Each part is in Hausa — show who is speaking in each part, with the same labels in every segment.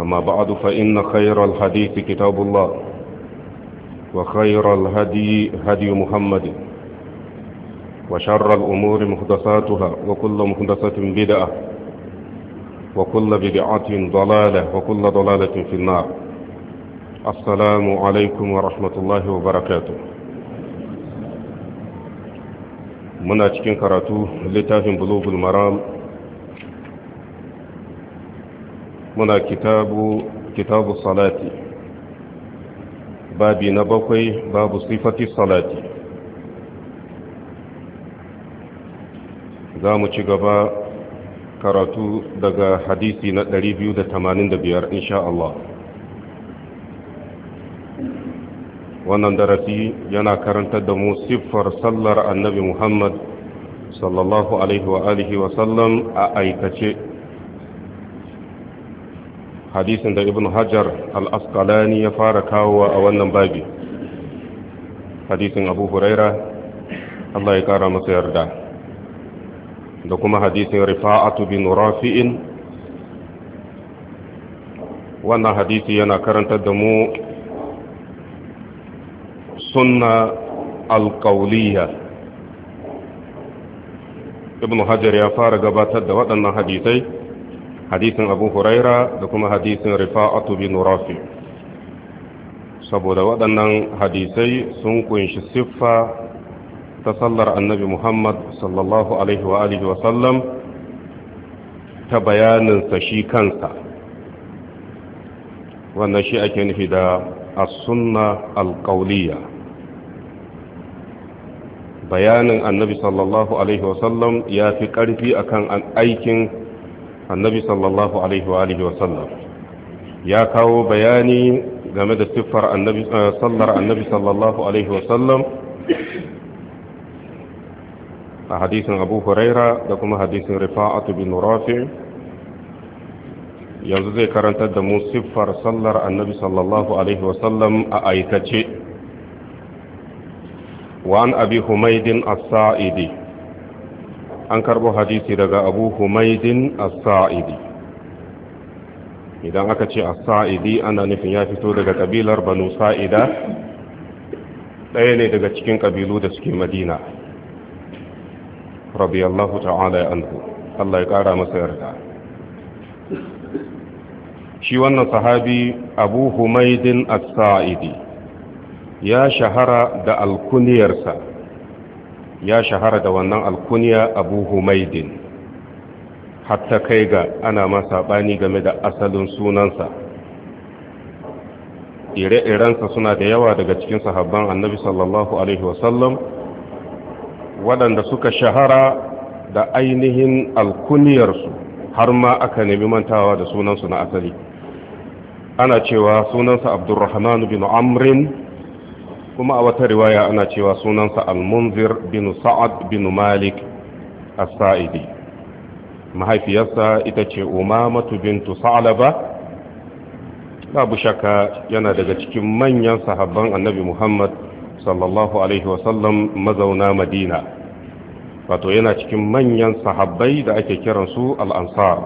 Speaker 1: أما بعد فإن خير الحديث كتاب الله وخير الهدي هدي محمد وشر الأمور محدثاتها وكل محدثة بدعة وكل بدعة ضلالة وكل ضلالة في النار السلام عليكم ورحمة الله وبركاته من أجل كراتو لتاهم بلوغ المرام muna kitabu kitabu salati babi na bakwai babu sifati salati za mu ci gaba karatu daga hadisi na 285 insha Allah wannan darasi yana karantar da mu siffar sallar annabi Muhammad sallallahu alaihi wa alihi wa sallam a aikace hadisin da ibn hajar al-asqalani ya fara kawowa a wannan babi hadisin abu huraira Allah ya kara masa yarda da kuma hadisin rifa'atu bin rafi'in wannan hadisi yana karantar da mu sunna alƙauliya ibn hajar ya fara gabatar da waɗannan hadisai hadisin abu huraira da kuma hadisin rifa'atu bin rafi saboda waɗannan hadisai sun kunshi siffa ta sallar annabi muhammad sallallahu alaihi wa alihi wa sallam ta bayaninsa shi kansa wannan shi ake nufi da as-sunna al bayanin annabi sallallahu alaihi wa sallam ya fi ƙarfi akan aikin annabi sallallahu alaihi wa alihi wa sallam ya kawo bayani game da siffar annabi eh, sallar annabi sallallahu alaihi wa sallam a hadisin abu huraira da kuma hadisin rifa'atu bin rafi yanzu zai karantar da mu siffar sallar annabi sallallahu alaihi wa sallam a aikace وعن أبي حميد الصائدي an karbo hadisi daga abu humaidin as-sa'idi idan aka ce as-sa'idi ana nufin ya fito daga kabilar banu sa'ida ɗaya ne daga cikin kabilu da suke madina radiyallahu ta'ala ya anhu Allah ya kara masa yarda shi wannan sahabi abu humaidin as-sa'idi ya shahara da alkuniyarsa ya shahara da wannan alkuniya abu humaidin hatta kai ga ana ma saɓani game da asalin sunansa ire-irensa suna da yawa daga cikin sahabban annabi sallallahu alaihi wasallam waɗanda suka shahara da ainihin alkuniyarsu har ma aka nemi mantawa da sunansu na asali ana cewa sunansa abdurrahman bin amrin kuma a wata riwaya ana cewa sunansa Almunzir bin sa'ad bin malik as-sa'idi mahaifiyarsa ita ce umamatu bintu salaba babu shakka yana daga cikin manyan sahabban annabi muhammad sallallahu alaihi wasallam mazauna madina wato yana cikin manyan sahabbai da ake kiransu al-ansar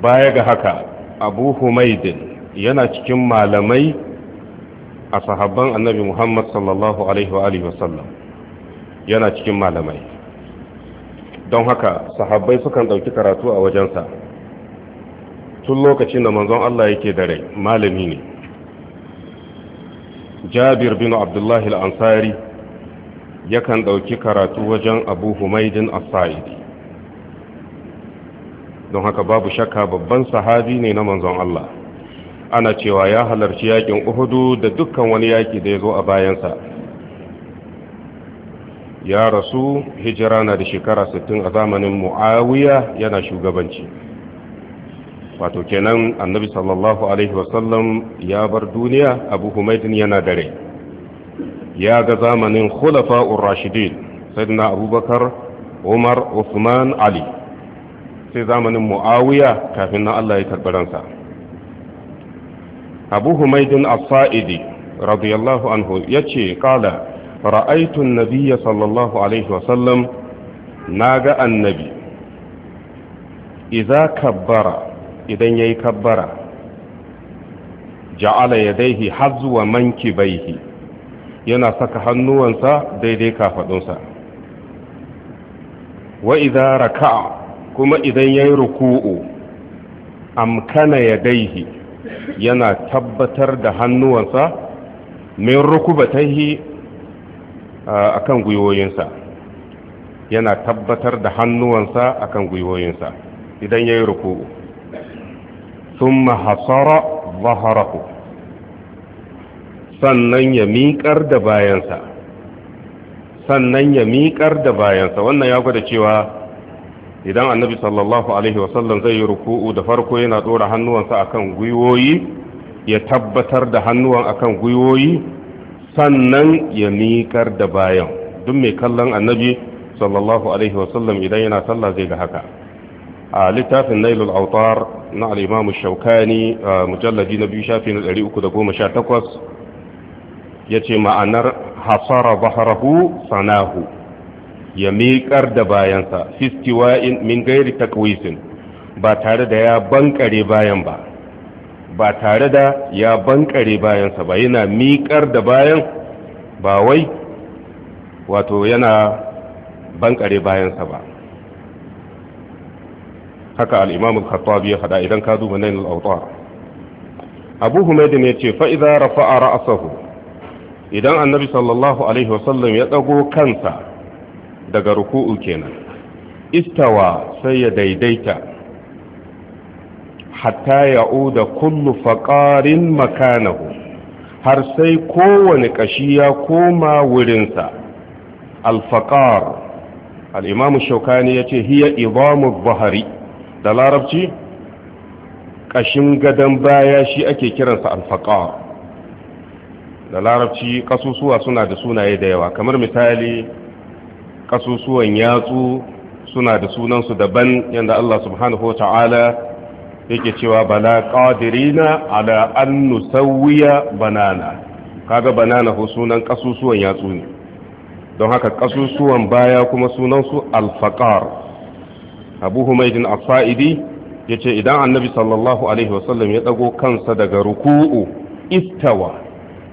Speaker 1: baya ga haka abu humaidin yana cikin malamai a sahabban annabi Muhammad sallallahu alaihi wa alihi wasallam yana cikin malamai don haka sahabbai sukan ɗauki karatu a wajensa tun lokacin da manzon Allah yake da rai malami ne jabir bin abdullahi al'ansari yakan ɗauki karatu wajen abu humaidin asa'idi don haka babu shakka babban sahabi ne na manzon Allah ana cewa ya halarci yakin uhudu da dukkan wani yaki da ya zo a bayansa ya rasu hijira na da shekara 60 a zamanin mu'awiya yana shugabanci wato kenan annabi sallallahu alaihi wasallam ya bar duniya abu humaidin yana da rai ya ga zamanin khulafa'ur rashidin sayyidina abubakar umar usman ali sai zamanin mu'awiya kafin na Allah ya karɓi abu humaidin as-sa'idi radiyallahu anhu ya ce, ra'aytu an Nabiya sallallahu alaihi wasallam ga annabi idza kabbara idan yayi kabbara ja'ala yadayhi hazwa baihi. yana saka hannuwansa daidai kafadunsa wa idza raka'a kuma idan yayi ruku'u amkana ya daihi yana tabbatar da hannuwansa min a kan gwiwoyinsa yana tabbatar da hannuwansa a kan gwiwoyinsa idan ya yayi ruku'u Sun hasara dhahrahu sannan ya miƙar da bayansa sannan ya miƙar da bayansa wannan ya gwada cewa idan annabi sallallahu alaihi wasallam zai yi ruku'u da farko yana dora hannuwansa akan gwiwoyi ya tabbatar da hannuwan akan gwiwoyi sannan ya miƙar da bayan duk mai kallon annabi sallallahu alaihi wasallam idan yana sallah zai ga haka a littafin nailul autar na al'imamu shaukani mujallaji na biyu shafi na 318 ya ce ma'anar hasara baharahu sanahu ya miƙar da bayansa fistiwa'in min gairi takwisin ba tare da ya bankare bayan ba ba tare da ya bankare bayansa ba yana miƙar da bayan ba wai wato yana bankare bayansa ba haka al'imamun khattabi ya faɗa idan ka duba nainul autar abu humaidin ya ce fa'iza rafa'a ra'asahu idan annabi sallallahu alaihi wasallam ya ɗago kansa daga ruku'u kenan istawa sai ya daidaita hatta uda kullu faqarin makanahu har sai kowane kashi ya koma wurinsa al-faqar al-imam shaukani yace hiya idamu Buhari. da larabci ƙashin gadon baya shi ake kiransa al-faqar da larabci kasusuwa suna da sunaye da yawa kamar misali ƙasusuwan yatsu suna da sunansu daban yadda Allah subhanahu wa ta'ala yake cewa bala ƙadirina ala an nusawwiya banana kaga banana ko sunan ƙasusuwan yatsu ne don haka ƙasusuwan baya kuma sunansu alfaƙar abu humaidin asa'idi ya ce idan annabi sallallahu alaihi wasallam ya ɗago kansa daga ruku'u istawa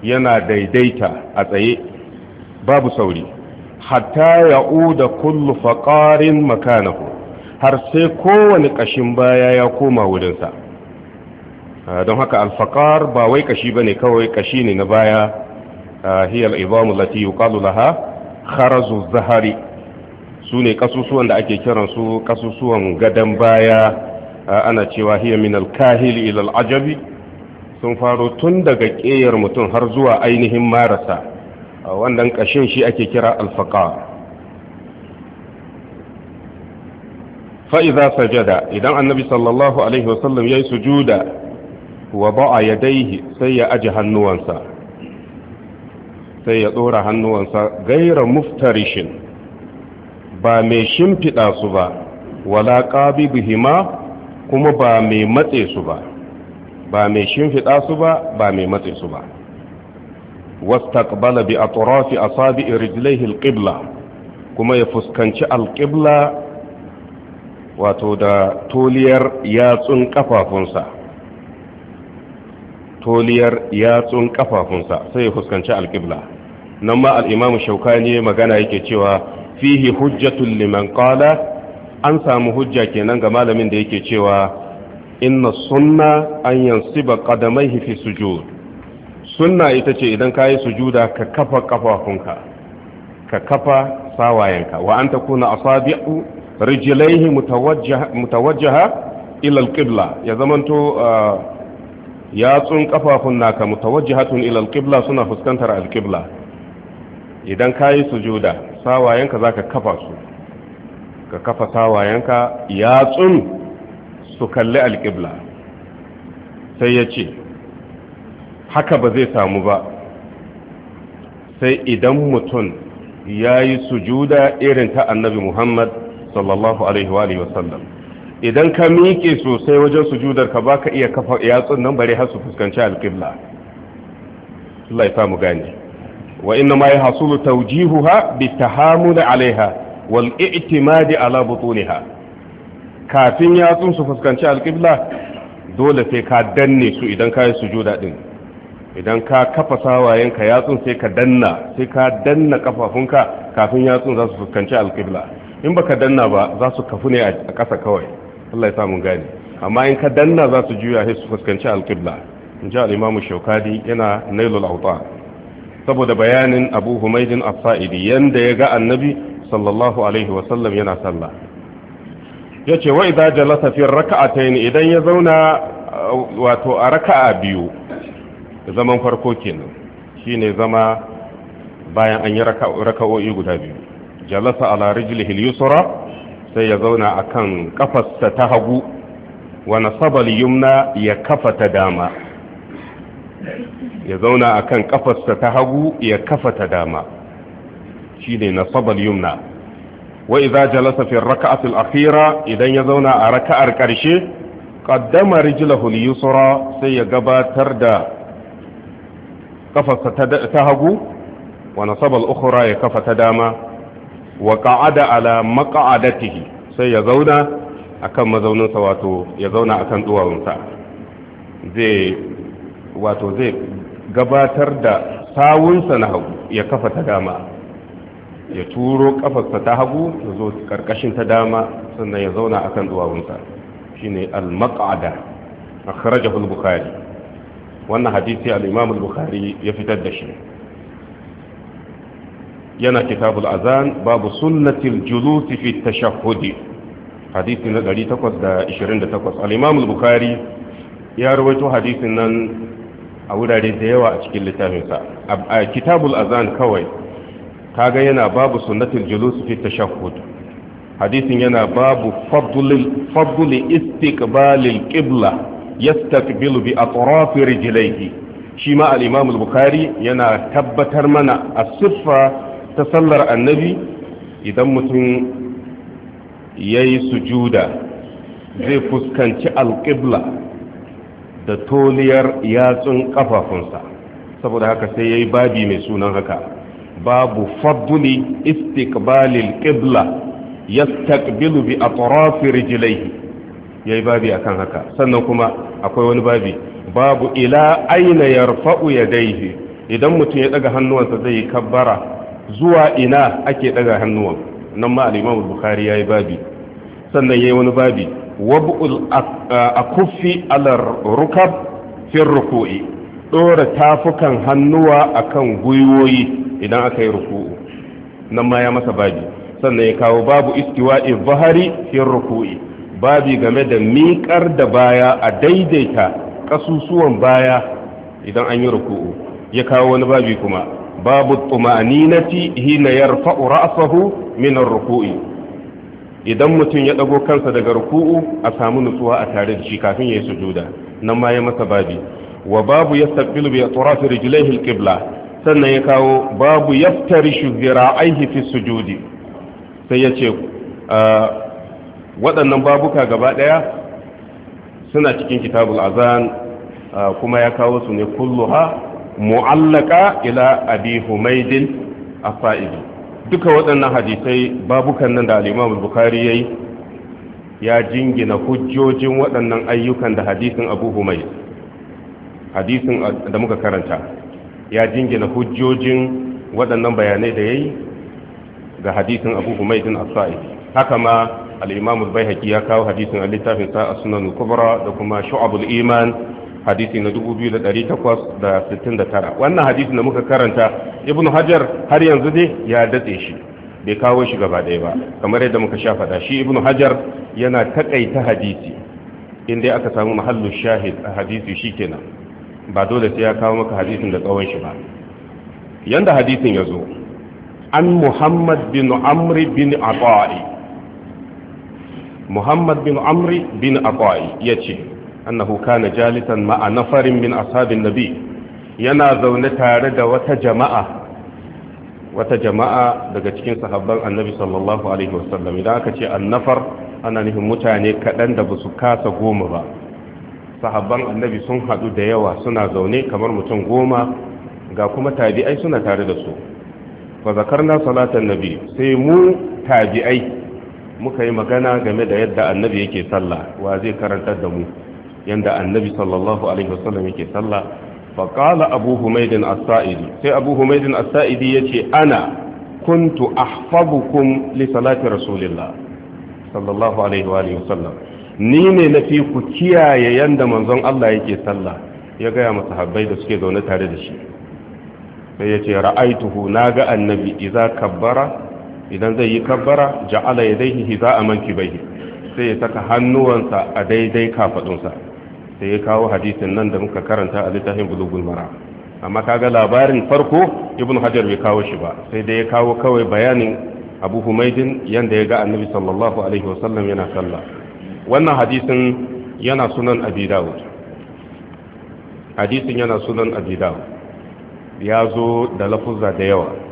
Speaker 1: yana daidaita a tsaye babu sauri hatta ya'uda kullu faqarin makanahu har sai kowane kashin baya ya koma wurinsa ah, don haka alfaqar ba wai kashi bane kawai kashi ne na baya ah, hiyal al-ibamu lati yuqalu laha kharazu zahari sune kasusuwan da ake kiran su kasusuwan gadan baya ah, ana cewa hiya min al-kahili ila al-ajabi sun faro tun daga ƙeyar mutum har zuwa ainihin marasa wannan kashin shi ake kira alfaka fa'iza sajada idan annabi sallallahu alaihi wasallam yayi sujuda wa ba'a yadayhi sai ya aje hannuwansa sai ya dora hannuwansa gaira muftarishin ba mai shimfida su ba wala qabibihima kuma ba mai matse su ba ba mai shimfida su ba ba mai matse su ba واستقبل بأطراف أصابع رجليه القبلة كما يفسكنش القبلة وتودا تولير ياتون كفافنسا تولير ياتون كفافنسا سيفسكنش القبلة نما الإمام الشوكاني مغانا يكي فيه حجة لمن قال an samu hujja kenan ga malamin da yake cewa inna sunna an yansiba qadamaihi fi sujud sunna ita ce idan ka yi sujuda ka kafa kafafunka ka kafa sawayenka wa an takuna asabi'u rijlaihi mutawajjaha ila alqibla ya zamanto uh, yatsun kafafun naka mutawajjihatun ila alqibla suna fuskantar alqibla idan ka yi sujuda sawayenka zaka kafa su ka kafa sawayenka yatsun su kalli alqibla sai ya ce haka ba zai samu ba sai idan mutum ya yi sujuda irin ta annabi muhammad sallallahu alaihi wa sallam idan ka miƙe sosai wajen sujudar ka baka iya kafa yatsun nan bare har su fuskanci alƙibla Allah ya samu gane wa inna ma Taujihu ha bi tahammud alaiha wal i'timadi ala butuniha kafin yatsun su fuskanci alƙibla dole sai ka danne su idan ka yi sujuda din idan ka kafa sawayenka yatsun sai ka danna sai ka danna kafafunka kafin yatsun za su fuskanci alƙibla in baka danna ba za su kafu ne a ƙasa kawai Allah ya samu gani amma in ka danna za su juya sai su fuskanci alƙibla in ji al'imamu shaukadi yana nailul auta saboda bayanin abu humaidin as-sa'idi yanda ya ga annabi sallallahu alaihi wa sallam yana sallah yace wa idan jalasa fi raka'atayn idan ya zauna uh, wato a raka'a biyu zaman farko kenan shine zama bayan an yi raka'o'i guda biyu jalasa ala rijlihi al sai ya zauna a kan kafasta ta hagu wa sabal al-yumna ya kafa ta dama ya zauna a kan kafasta ta hagu ya kafa ta dama shine nasaba al-yumna wa idza jalasa fi ar-rak'ati akhira idan ya zauna a raka'ar karshe qaddama rijlahu al-yusra sai ya gabatar da kafarsa ta hagu wani sabal al ya kafa ta dama wa qa'ada ala maq'adatihi sai ya zauna akan mazauninsa wato ya zauna akan duwawunsa zai wato zai gabatar da sawunsa na hagu ya kafa ta dama ya turo kafarsa ta hagu ya zo karkashin ta dama sannan ya zauna akan duwawunsa shine al-maq'ada akhrajahu al-bukhari wannan hadisi al-imam al-bukhari ya fitar da shi yana kitabul azan babu sunnatil julusi fi at-tashahhud hadisi na 828 al-imam al-bukhari ya rawaito hadisin nan a wurare da yawa a cikin littafinsa a kitabul azan kawai kaga yana babu sunnatil julusi fi tashahhud hadisin yana babu fadlul fadl istiqbalil qibla yastaqbilu bi atrafi laifi shi ma al-imam bukhari yana tabbatar mana as-siffa ta sallar annabi idan mutum yayi sujuda zai fuskanci al-qibla da toliyar yatsun kafafunsa saboda haka sai yayi babi mai sunan haka babu fadli istiqbalil qibla yastaqbilu bi atrafi laifi. yayi babi akan haka sannan kuma akwai wani babi babu ila aina ya daihe idan mutum ya daga hannuwansa zai yi kabbara zuwa ina ake daga hannuwan nan ma al bukari ya yi babi sannan ya yi wani babi wab'ul akufi alar rukab fin ruku'i ɗora tafukan hannuwa akan gwiwoyi idan aka yi ruku'u nan ma ya masa babi sannan ya kawo babu istiwa'i zahari fin ruku'i babi game da miƙar da baya a daidaita ƙasusuwan baya idan an yi ruku'u ya kawo wani babi kuma babu tsumaninati hina yarfa'u ra'sahu min ar-ruku'i idan mutum ya ɗago kansa daga ruku'u a samu nutsuwa a tare da shi kafin yayi sujuda nan ma ya masa babi wa babu yastaqbilu bi atrafi rijlaihi al sannan ya kawo babu yaftarishu zira'aihi fi sujudi sai ya ce ah, waɗannan babuka gaba ɗaya suna cikin kitabul azan kuma ya kawo su ne kulluha mu'allaka ila abi humaydin afaidi duka waɗannan hadisai babukan nan da al-imam bukhari yayi ya jingina hujjojin waɗannan ayyukan da hadisin abu humayd hadisin da muka karanta ya jingina hujjojin waɗannan bayanai da yayi ga hadisin abu humaydin afaidi haka ma al-imam al ya kawo hadisin a littafin sa a sunan kubra da kuma shu'abul iman hadisi na 2869 wannan hadisi da muka karanta ibnu hajar har yanzu ne ya datse shi bai kawo shi gaba ɗaya ba kamar yadda muka sha faɗa shi ibnu hajar yana takaita hadisi in dai aka samu mahallu shahid a hadisi shikenan ba dole sai ya kawo maka hadisin da tsawon shi ba yanda hadisin ya zo an muhammad bin amri bin ata'i muhammad bin amri bin akwai ya ce annahu kana jalisan ma'a farin min ashabin nabi yana zaune tare da wata jama'a wata jama'a daga cikin sahabban annabi sallallahu alaihi wasallam idan aka ce annafar ana nufin mutane kaɗan da ba su kasa goma ba sahabban annabi sun haɗu da yawa suna zaune kamar mutum goma ga kuma tabi'ai suna tare da su fa na salatan nabi sai mu tabi'ai muka yi magana game da yadda annabi yake sallah wa zai karantar da mu yadda annabi sallallahu alaihi wasallam yake sallah fa qala abu humaydin as-sa'idi sai abu humaydin as-sa'idi yace ana kuntu ahfabukum li salati rasulillah sallallahu alaihi wa alihi wasallam ni ne na fi ku kiyaye yanda manzon Allah yake sallah ya gaya masa habbai da suke zaune tare da shi sai yace ra'aituhu naga annabi idza kabbara idan zai yi kabbara ja'ala ya a manki bai. sai ya saka hannuwansa a daidai kafadunsa sai ya kawo hadisin nan da muka karanta a littafin bulugul mara amma ga labarin farko ibn hajar bai kawo shi ba sai dai ya kawo kawai bayanin abu humaidin yanda ya ga annabi sallallahu alaihi wasallam yana sallah wannan hadisin yana sunan abi ya zo da lafuzza da yawa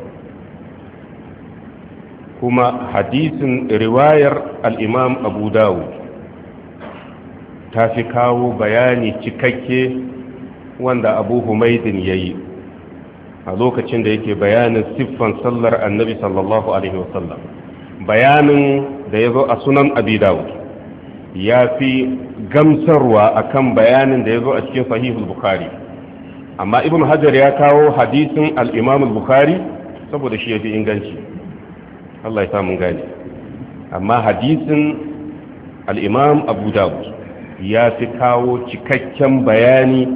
Speaker 1: kuma hadisin riwayar al'imam abu dawud ta fi kawo bayani cikakke wanda abu humaidin ya yi a lokacin da yake bayanin siffan sallar annabi sallallahu alaihi wasallam bayanin da ya zo a sunan Abu dawud ya fi gamsarwa akan bayanin da ya zo a cikin sahihul bukhari amma ibn hajar ya kawo hadisin al'imam bukhari saboda shi ya fi inganci Allah ya samu gani amma hadisin al'imam abu dawud ya fi kawo cikakken bayani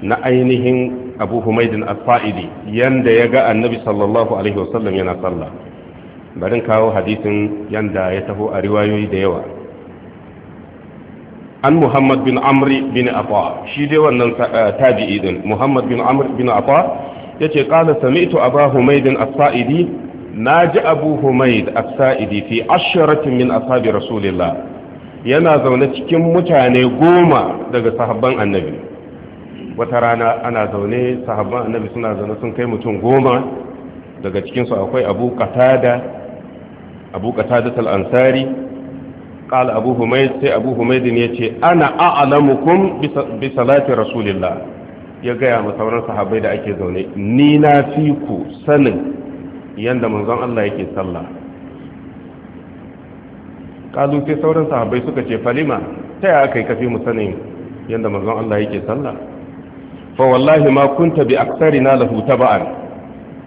Speaker 1: na ainihin abu humaidin alfa'idi yanda ya ga annabi sallallahu alaihi wasallam yana sallah barin kawo hadisin yanda ya taho a riwayoyi da yawa an muhammad bin amri bin afa shi dai wannan eh, tabi'i din muhammad bin amri bin afa ya ce yace qala sami'tu abu humaidin alfa'idi naji abu humaid as-sa'idi fi asharatin min asabi rasulillah yana zaune cikin mutane goma daga sahabban annabi wata rana ana zaune sahabban annabi suna zaune sun kai mutum goma daga cikinsu akwai abu qatada abu qatada al-ansari qala abu humayd sai abu humayd ne ce ana a'lamukum bi salati rasulillah ya gaya ma sauran sahabbai da ake zaune ni na fi ku sanin yanda manzon Allah yake sallah kalu sai sauran sahabbai suka ce falima ta ya yi kafi mu sanin yanda manzon Allah yake sallah fa wallahi ma kunta bi aktsarina lahu taba'an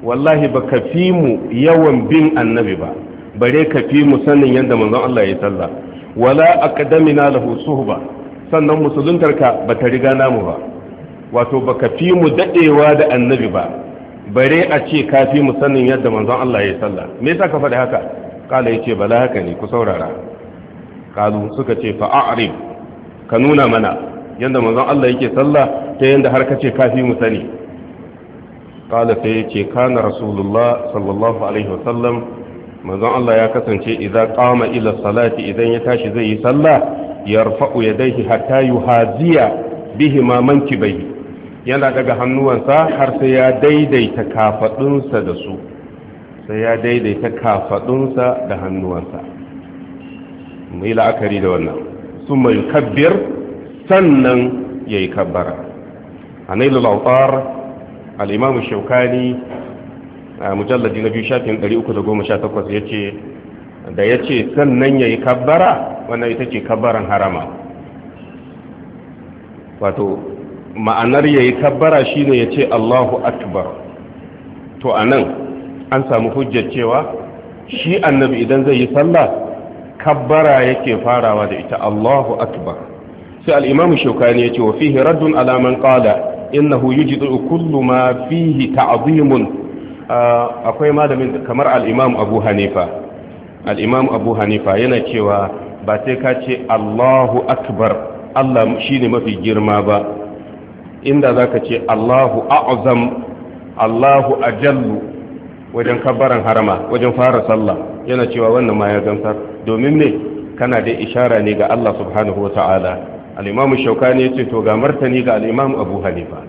Speaker 1: wallahi ba ka fi mu yawan bin annabi ba bare ka fi mu sanin yanda manzon Allah ya sallah wala aqdamina lahu suhba sannan musuluntarka ba ta riga namu ba wato ba ka fi mu dadewa da annabi ba bare a ce kafi mu sanin yadda manzon Allah ya salla me yasa ka faɗi haka kala yace bala haka ne ku saurara kalu suka ce fa ka nuna mana yadda manzon Allah yake salla ta yadda har ka ce kafi mu sani kala sai yace kana rasulullah sallallahu alaihi sallam? manzon Allah ya kasance idza qama ila salati idan ya tashi zai yi salla yarfa'u yadayhi hatta yuhaziya bihima mankibayhi yana daga hannuwansa har sai ya daidaita kafadunsa da su sai ya daidaita kafadunsa da hannuwansa mai la'akari da wannan Su mai kabbir sannan ya yi kabbara a nailu lautar al'imamu shaukani a mujallaji na biyu shafin 318 ya ce da ya ce sannan ya yi kabbara wannan ita ce kabbaran harama wato ma'anar ya yi kabbara shi ne ya ce allahu akbar to a nan an samu hujjar cewa shi annabi idan zai yi sallah kabbara yake farawa da ita allahu akbar sai al'imamu shaukani ya ce wa fihi raddun alaman kala innahu yujidu kullu ma fihi ta'zimun akwai malamin kamar Al'imamu abu hanifa Al'imamu abu hanifa yana cewa ba sai ka ce allahu akbar allah shine mafi girma ba inda za ka ce allahu a'azam allahu ajallu wajen kabaran harama wajen fara sallah yana cewa wannan ma ya gamsar domin ne kana da ishara ne ga allah subhanahu wa ta'ala al'imamu shaukani ya ce to ga martani ga al'imamu abu hanifa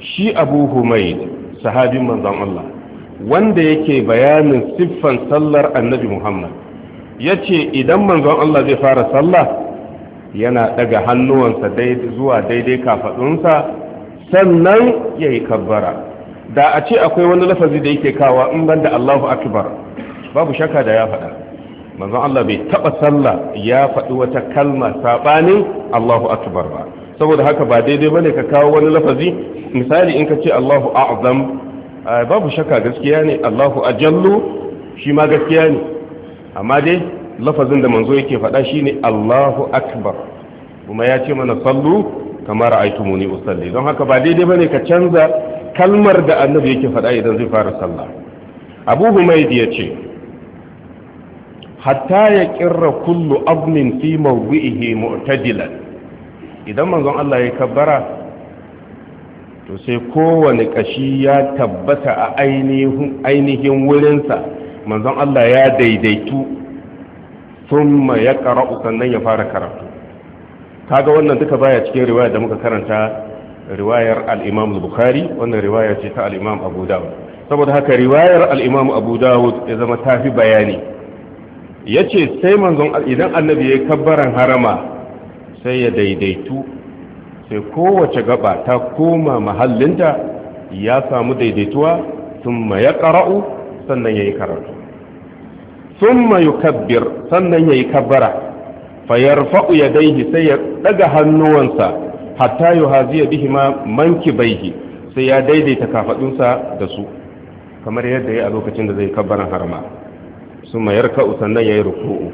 Speaker 1: shi abu humaid sahabin manzon allah wanda yake bayanin siffan sallar annabi muhammad ya ce idan manzon allah zai fara sallah yana daga hannuwansa zuwa daidai kafadunsa sannan ya yi kabbara da a ce akwai wani lafazi da yake kawa in ban da Allahu akbar babu shakka da ya faɗa manzon Allah bai taɓa sallah ya faɗi wata kalma saɓanin Allahu akbar ba saboda haka ba daidai ba bane ka kawo wani lafazi misali in ka ce Allahu a'zam babu shakka gaskiya ne Allahu ajallu shi ma gaskiya ne amma dai lafazin da manzo yake faɗa shine Allahu akbar kuma ya ce mana sallu kamar aitumuni usalli don haka ba daidai bane ka canza kalmar da annabi yake faɗa idan zai fara sallah abu humaydi ya ce hatta ya kirra kullu abnin fi mawdi'ihi mu'tadilan idan manzon Allah ya kabbara to sai kowane kashi ya tabbata a ainihin ainihin wurinsa manzon Allah ya daidaitu thumma yaqra'u sannan ya fara karatu kaga wannan duka baya cikin riwaya da muka karanta riwayar al-Imam al-Bukhari wannan riwaya ce ta al-Imam Abu Dawud saboda haka riwayar al'imam imam Abu Dawud ya zama tafi bayani yace sai manzon idan annabi ya kabbaran harama sai ya daidaitu sai kowace gaba ta koma mahallinta ya samu daidaituwa ya yaqra'u sannan yayi karatu thumma yukabbir sannan yayi kabbara fa ya yadayhi sai ya daga hannuwansa hatta yuhaziya bihima mankibaihi sai ya daidaita kafadunsa da su kamar yadda ya a lokacin da zai kabbaran harma summa yarka'u sannan yayi ruku'u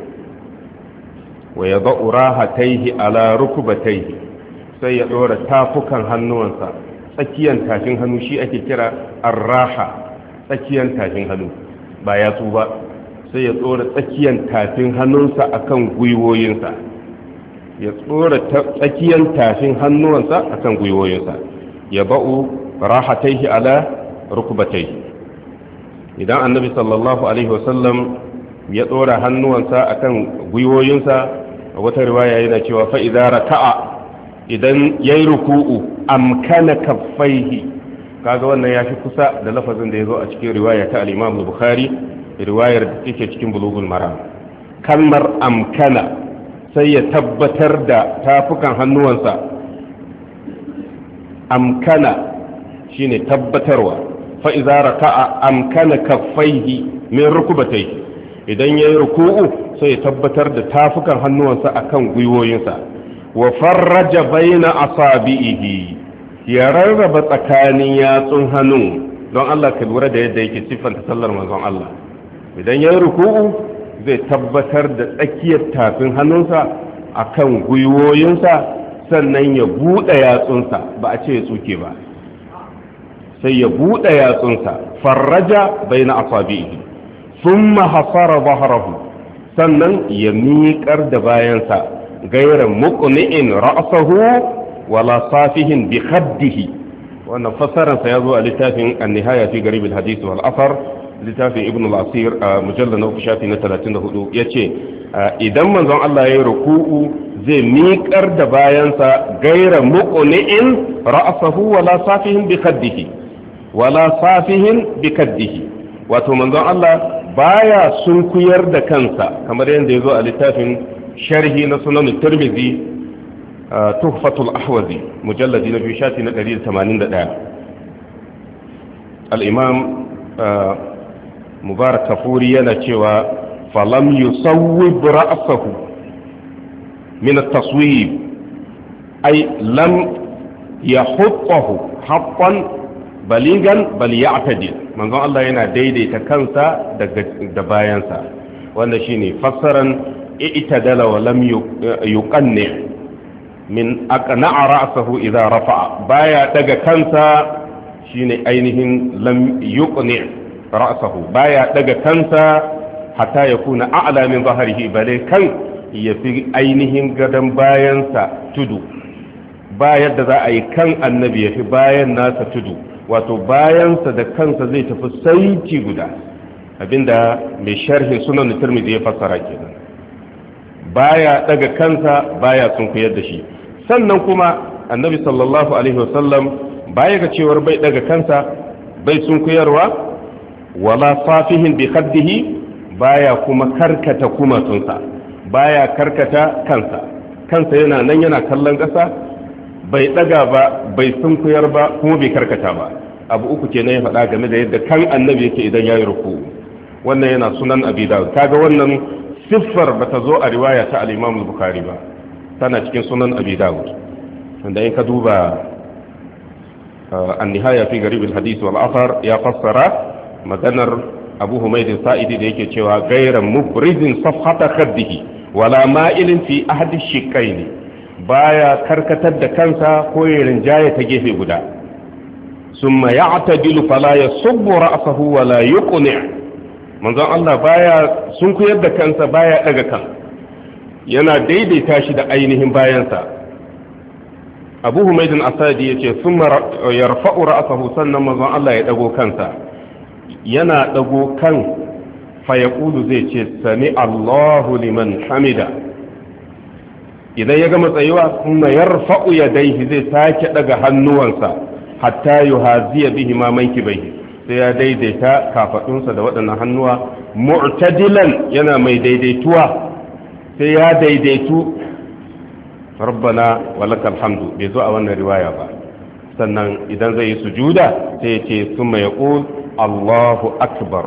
Speaker 1: wa yada'u rahatayhi ala rukbatayhi sai ya dora tafukan hannuwansa tsakiyar tashin hannu shi ake kira arraha tsakiyar tashin hannu ba yatsu ba sai ya tsora tsakiyar tafin hannunsa akan gwiwoyinsa ya tsora tsakiyar tafin a kan gwiwoyinsa ya ba'u rahataihi ala rukubatai idan annabi sallallahu alaihi wasallam ya tsora a akan gwiwoyinsa a wata riwaya yana cewa fa'iza raka'a idan ya yi ruku'u amkana kaffaihi kaga wannan ya fi kusa da lafazin da ya zo a cikin riwaya ta al'imamu bukhari riwayar da take cikin bulugul maram kalmar amkana sai ya tabbatar da tafukan hannuwansa amkana shine tabbatarwa fa idza raka'a amkana kaffaihi min rukubatayhi idan yayi ruku'u sai ya tabbatar da tafukan hannuwansa akan gwiwoyinsa wa farraja baina asabihi ya rarraba tsakanin yatsun hannu don Allah ka lura da yadda yake siffanta sallar manzon Allah idan ya ruku'u zai tabbatar da tsakiyar tafin hannunsa a kan gwiwoyinsa sannan ya buɗe yatsunsa ba a ce ya tsuke ba sai ya buɗe yatsunsa farraja bai na asabihi sun mahasara baharahu sannan ya miƙar da bayansa gairan muƙuni'in ra'asahu wala safihin bi wannan fassararsa ya zo a littafin annihaya fi garibin hadisi wal littafin ibn al-asir a mujallar na shafi na 34 ce idan manzon Allah ya yi ruku'u zai miƙar da bayansa gaira muqni'in ra'sahu wala safihin bi khaddihi wala safihin bi khaddihi wato manzon Allah baya sunkuyar da kansa kamar yadda ya zo a littafin sharhi na sunan Turmizi tuhfatul ahwazi mujalladi na biyu shafi na 181 al-imam mubarak kafuri yana cewa falam yusawwib ra'sahu min at ai lam ya yahutahu haqqan baligan bal ya'tadil manzon Allah yana daidaita kansa da bayansa wanda shine fassaran ita wa lam yuqanni min aqna'a ra'sahu idha rafa'a baya daga kansa shine ainihin lam yuqni' ra'sahu baya daga kansa hatta ya kuna a'la min zahrihi bale kan ya fi ainihin gadon bayansa tudu ba yadda za a yi kan annabi ya fi bayan nasa tudu wato bayansa da kansa zai tafi saiti guda abinda mai sharhin sunan turmizi ya fassara kenan baya daga kansa baya sunkuyar da shi sannan kuma annabi sallallahu alaihi wasallam baya ga cewar bai daga kansa bai sunkuyarwa wala safihin bi khaddihi baya kuma karkata kuma kumatunsa baya karkata kansa kansa yana nan yana kallon ƙasa bai ɗaga ba bai sunkuyar ba kuma bai karkata ba abu uku kenan ya faɗa game da yadda kan annabi yake idan ya yi ruku wannan yana sunan abi kaga wannan siffar bata zo a riwaya ta al-imam bukhari ba tana cikin sunan abi dawud wanda in ka duba ah, an-nihaya fi garib wal ya fassara maganar abu humaydin sa'idi da yake cewa gaira mubrizin safhata khaddihi wala ma'ilin fi ahadi shiqaini baya karkatar da kansa ko ya ta gefe guda summa ya'tadilu fala yasubbu ra'sahu wala yuqni manzon Allah baya kuyar da kansa baya daga kan yana daidaita shi da ainihin bayansa abu humaydin asadi yace summa yarfa'u ra'sahu sannan manzon Allah ya dago kansa yana ɗago kan fayaƙulu zai ce sami Allahu liman hamida idan ya gama tsayuwa kuma ya ya daihi zai sake daga hannuwansa hatta haziya bihi ma bai sai ya daidaita kafaɗunsa da waɗannan hannuwa mu'tadilan yana mai daidaituwa sai ya daidaitu rabbana walaka hamdu bai zo a wannan riwaya ba sannan idan zai yi sujuda sai ya ce sun mai Allahu akbar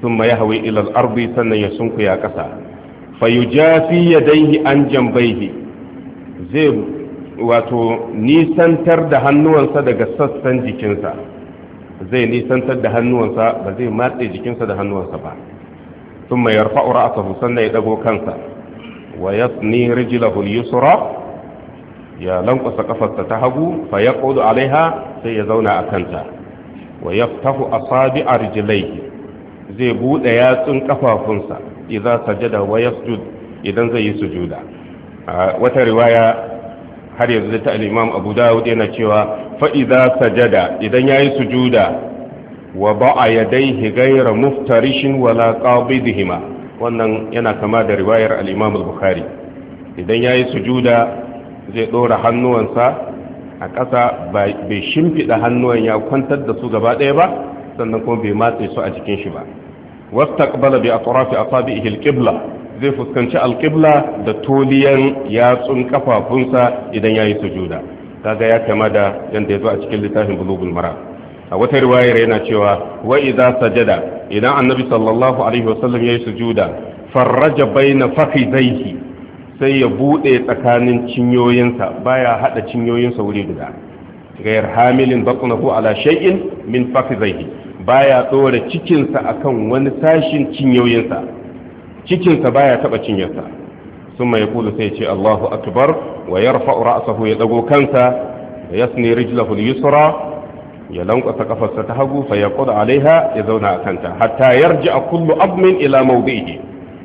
Speaker 1: sun yahwi ila al arbi sannan ya ƙasa. Fa sunkuya kasa fayujafi yadayhi an jambayhi zai wato nisantar da hannuwansa daga sassan jikinsa zai nisantar da hannuwansa ba zai matse jikinsa da hannuwansa ba Sun thumma yarfa'u ra'sahu sannan ya dago kansa wa yasni rijlahu al-yusra ya lankwasa kafarsa ta hagu fa ya yaqudu alaiha sai ya zauna a kanta wa yaftahu asabi arjilaihi zai bude yatsun kafafunsa idan sajada wa yasjud idan zai yi sujuda wata riwaya har yanzu ta al-Imam Abu Dawud yana cewa fa idza sajada idan yayi sujuda wa ba'a yadayhi ghayra muftarishin wala qabidihima wannan yana kama da riwayar al-Imam al-Bukhari idan yayi sujuda zai dora hannuwansa a ƙasa bai shimfiɗa hannuwan ya kwantar da su gaba ɗaya ba sannan kuma bai matse su a jikin shi ba wastaqbala bi atrafi asabihi Ihilkibla, zai fuskanci alqibla da toliyan yatsun ƙafafunsa idan yayi sujuda kaga ya kama da yanda yazo a cikin littafin bulugul Mara. a wata riwayar yana cewa wa idza sajada idan annabi sallallahu alaihi wasallam yayi sujuda farraja baina fakhidayhi sai ya buɗe tsakanin cinyoyinsa baya haɗa cinyoyinsa wuri guda gayar hamilin batsunahu ala shay'in min fakizaihi baya tsora cikinsa akan wani sashin cinyoyinsa cikinsa baya taba cinyarsa sun mai kudu sai ce allahu akbar wa ya rufa ra'asahu ya dago kansa da ya sani rijlahu yusra ya lankwasa kafarsa ta hagu fa ya kudu alaiha ya zauna a kanta hatta yarji a kullu abmin ila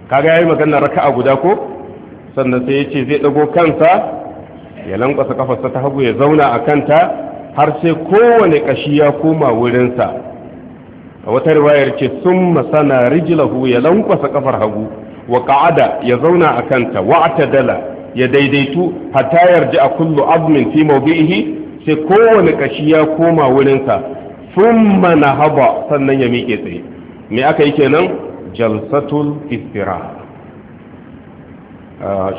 Speaker 1: Ka ga yayi magana raka'a guda ko sannan sai ya ce zai ɗago kansa ya lankwasa kafarsa ta hagu ya zauna a kanta har sai kowane ƙashi ya koma wurinsa a wata riwayar ce sun masana rijilahu ya lankwasa kafar hagu wa ka'ada ya zauna a kanta wa dala ya daidaitu hatta yarji a kullu azmin fi mawdi'ihi sai kowane ƙashi ya koma wurinsa summa nahaba sannan ya miƙe tsaye me aka yi kenan jalsatul istiraha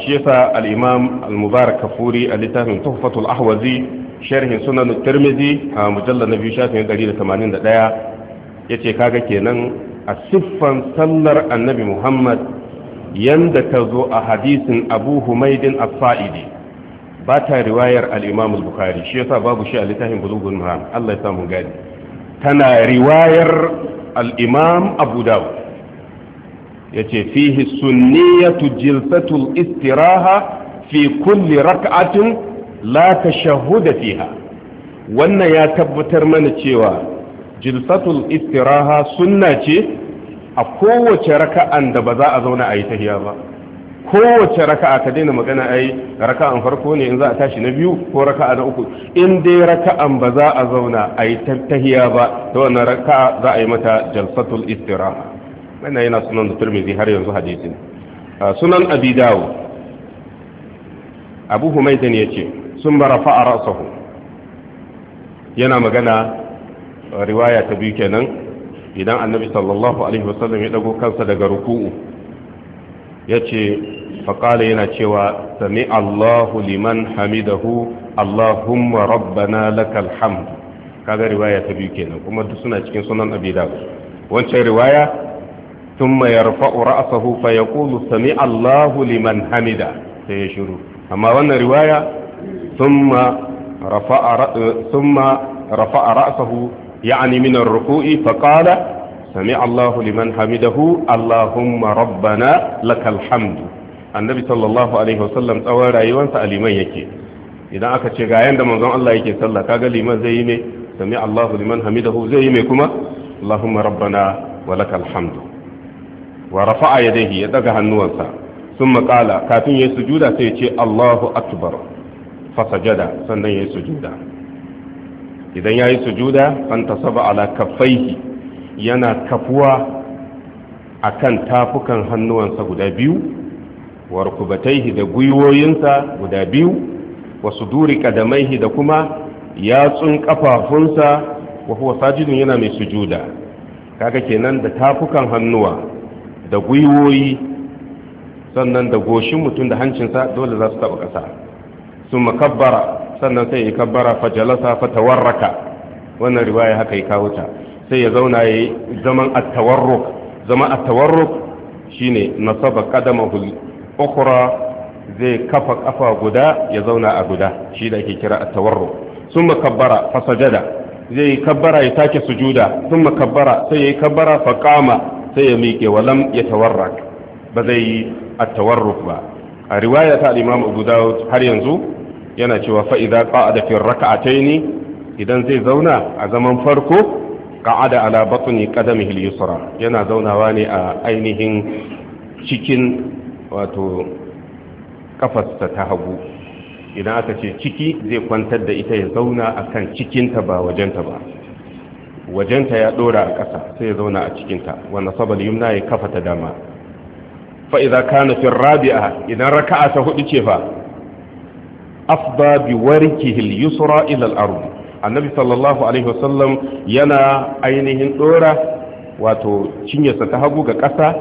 Speaker 1: shi yasa al-imam al-mubarak kafuri a littafin tuhfatul ahwazi sharhin sunan tirmidhi a mujallal na biyu shafin 181 yace kaga kenan a siffan sallar annabi muhammad yanda ta zo a hadisin abu humaidin as-sa'idi ba ta riwayar al-imam al-bukhari shi yasa babu shi a littafin bulughul maram Allah ya samu gadi tana riwayar al-imam abu dawud yace fihi sunniyatu jilsatul istiraha fi kulli rak'atin la tashahhuda fiha wannan ya tabbatar mana cewa jilsatul istiraha sunna ce a kowace raka'an da ba za a zauna a yi tahiya ba kowace raka'a ka daina magana ai raka'an farko ne in za a tashi na biyu ko raka'a na uku in dai raka'an ba za a zauna a yi tahiya ba ta wannan raka'a za a yi mata jalsatul istiraha wannan yana sunan da turmizi har yanzu hadisin ah, sunan abi dawo abu humaitan ya ce sun bara fa'a rasahu yana magana ah, riwaya ta biyu kenan idan annabi sallallahu alaihi wasallam ya dago kansa daga ruku'u ya ce faƙala yana cewa sami allahu liman hamidahu allahumma rabbana lakal hamdu kaga riwaya ta biyu kenan kuma duk suna cikin sunan abi dawo wancan riwaya thumma yarfa'u ra'sahu fa yaqulu sami Allahu liman hamida sai ya shiru amma wannan riwaya thumma rafa'a thumma rafa'a ra'sahu ya'ni min ar-ruku'i fa سمع الله لمن حمده اللهم ربنا لك الحمد annabi sallallahu alaihi wasallam tsawon rayuwarsa a liman yake idan aka ce ga yanda manzon Allah yake sallah kaga liman zai yi mai sami Allahu liman hamidahu zai yi mai kuma Allahumma rabbana wa lakal hamdu wa rafa'a yadayhi ya daga hannuwansa sun maƙala kafin ya yayi sujuda sai ya ce Allahu akbar fasajada sannan sannan yayi sujuda idan ya yayi sujuda an saba ala kaffaihi yana kafuwa a kan tafukan hannuwansa guda biyu wa rukubataihi da gwiwoyinsa guda biyu wa suduri kadamaihi da kuma yatsun kafafunsa wa huwa sajidun yana mai sujuda kaga kenan da tafukan hannuwa da gwiwoyi sannan da goshin mutum da hancinsa dole za su taɓa ƙasa sun makabbara sannan sai ya kabbara fajalasa fatawarraka wannan riwaya haka ya kawo ta sai ya zauna ya yi zaman attawarruk zaman attawarruk shine nasaba qadamahu ukhra zai kafa kafa guda ya zauna a guda shi da ake kira attawarruk summa kabbara fa sajada zai kabbara ya take sujuda summa kabbara sai ya kabbara fa qama sai ya miƙe walam ya tawarrak ba zai yi a tawarruk ba a riwaya ta al-Imam Abu Dawud har yanzu yana cewa fa idza qa'ada fi rak'ataini idan zai zauna a zaman farko qa'ada ala batni qadamihi al-yusra yana zaunawa ne a ainihin cikin wato kafarsa ta hagu idan aka ce ciki zai kwantar da ita ya zauna akan cikinta ba wajenta ba wajenta ya dora a ƙasa sai ya zauna a cikinta wanda sabal yumna ya kafa ta dama Fa'iza idza kana fi rabi'a idan raka'a ta hudu ce fa afda bi warkihi al-yusra ila al annabi sallallahu alaihi wasallam yana ainihin dora wato cinyarsa ta hagu ga ƙasa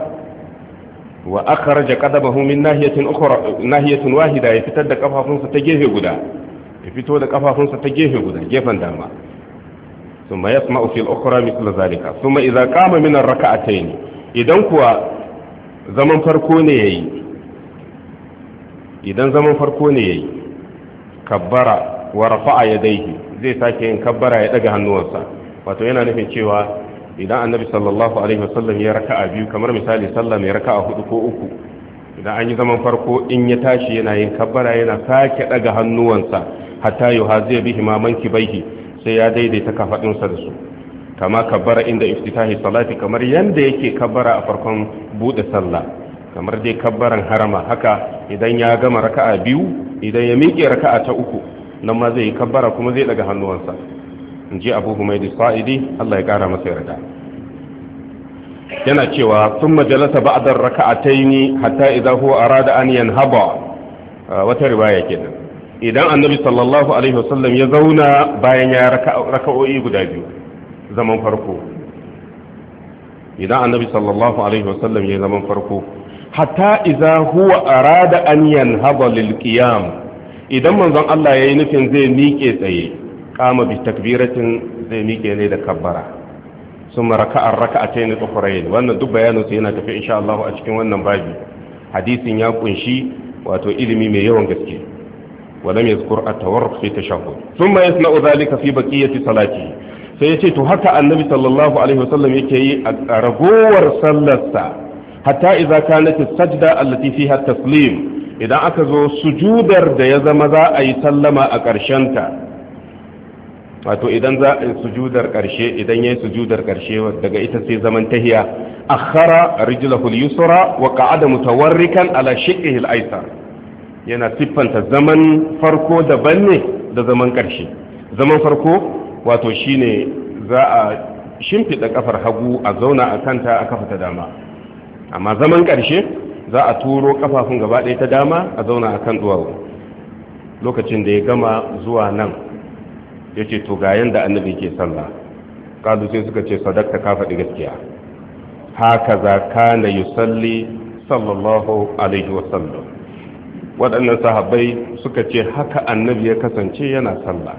Speaker 1: wa akhraja qadabahu min nahiyatin wahida ya fitar da kafafunsa ta gefe guda ya fito da kafafunsa ta gefe guda gefen dama ثم يسمع في الأخرى مثل ذلك ثم إذا قام من الركعتين إذن كوا زمن فركوني يي إذن زمن فركوني يي كبر ورفع يديه زي ساكين كبر يدقى النوصة وتوينا نفي تشيوا إذا النبي صلى الله عليه وسلم يركع بيو كمر مثالي صلى يركع هدفو أكو idan an yi zaman farko in ya tashi yana yin kabbara yana sake daga hannuwansa hatta yuhaziya bihi ma manki baihi sai ya daidaita kafadunsa da su kama kabara inda iftitahi salati kamar yanda yake kabbara a farkon bude sallah kamar dai kabaran harama haka idan ya gama raka'a biyu idan ya miƙe raka'a ta uku nan ma zai yi kabbara kuma zai daga hannuwansa in ji abu humaydi sa'idi Allah ya kara masa yarda yana cewa sun majalasa yi raka'ataini hatta idza huwa arada an yanhaba ah, wata riwaya kenan idan annabi sallallahu alaihi wasallam ya zauna bayan ya raka'o'i guda biyu zaman farko idan annabi sallallahu alaihi wasallam ya zaman farko hatta huwa arada an yanhada lil qiyam idan manzon Allah yayi nufin zai miƙe tsaye kama bi takbiratin zai miƙe ne da kabbara sun raka'ar raka'atayn ukhrayn wannan duk bayanin sa yana tafi insha Allah a cikin wannan babi hadisin ya kunshi wato ilimi mai yawan gaske ولم يذكر التورق في تشهد ثم يصنع ذلك في بقية صلاته سيأتي حتى النبي صلى الله عليه وسلم يكي رغور صلصة حتى إذا كانت السجدة التي فيها التسليم إذا أكذو سجودر ديزم ذا أي سلم أكرشنتا wato idan za a sujudar karshe idan yayi sujudar karshe daga ita sai zaman tahiya akhara rijlahu al-yusra wa qa'ada mutawarrikan ala shiqqihi al-aysar yana siffanta zaman farko daban ne da zaman ƙarshe zaman farko wato shine za a shimfiɗa ƙafar hagu a zauna a kanta a kafa ta dama amma zaman ƙarshe za a turo ƙafafun gaba ɗaya ta dama a zauna a kan duwawu lokacin da ya gama zuwa nan ya ce to ga yanda annabi ke sallah kalu sai suka ce sadakta ka faɗi gaskiya haka za ka na yi salli sallallahu alaihi wasallam waɗannan sahabbai suka ce haka annabi ya kasance yana sallah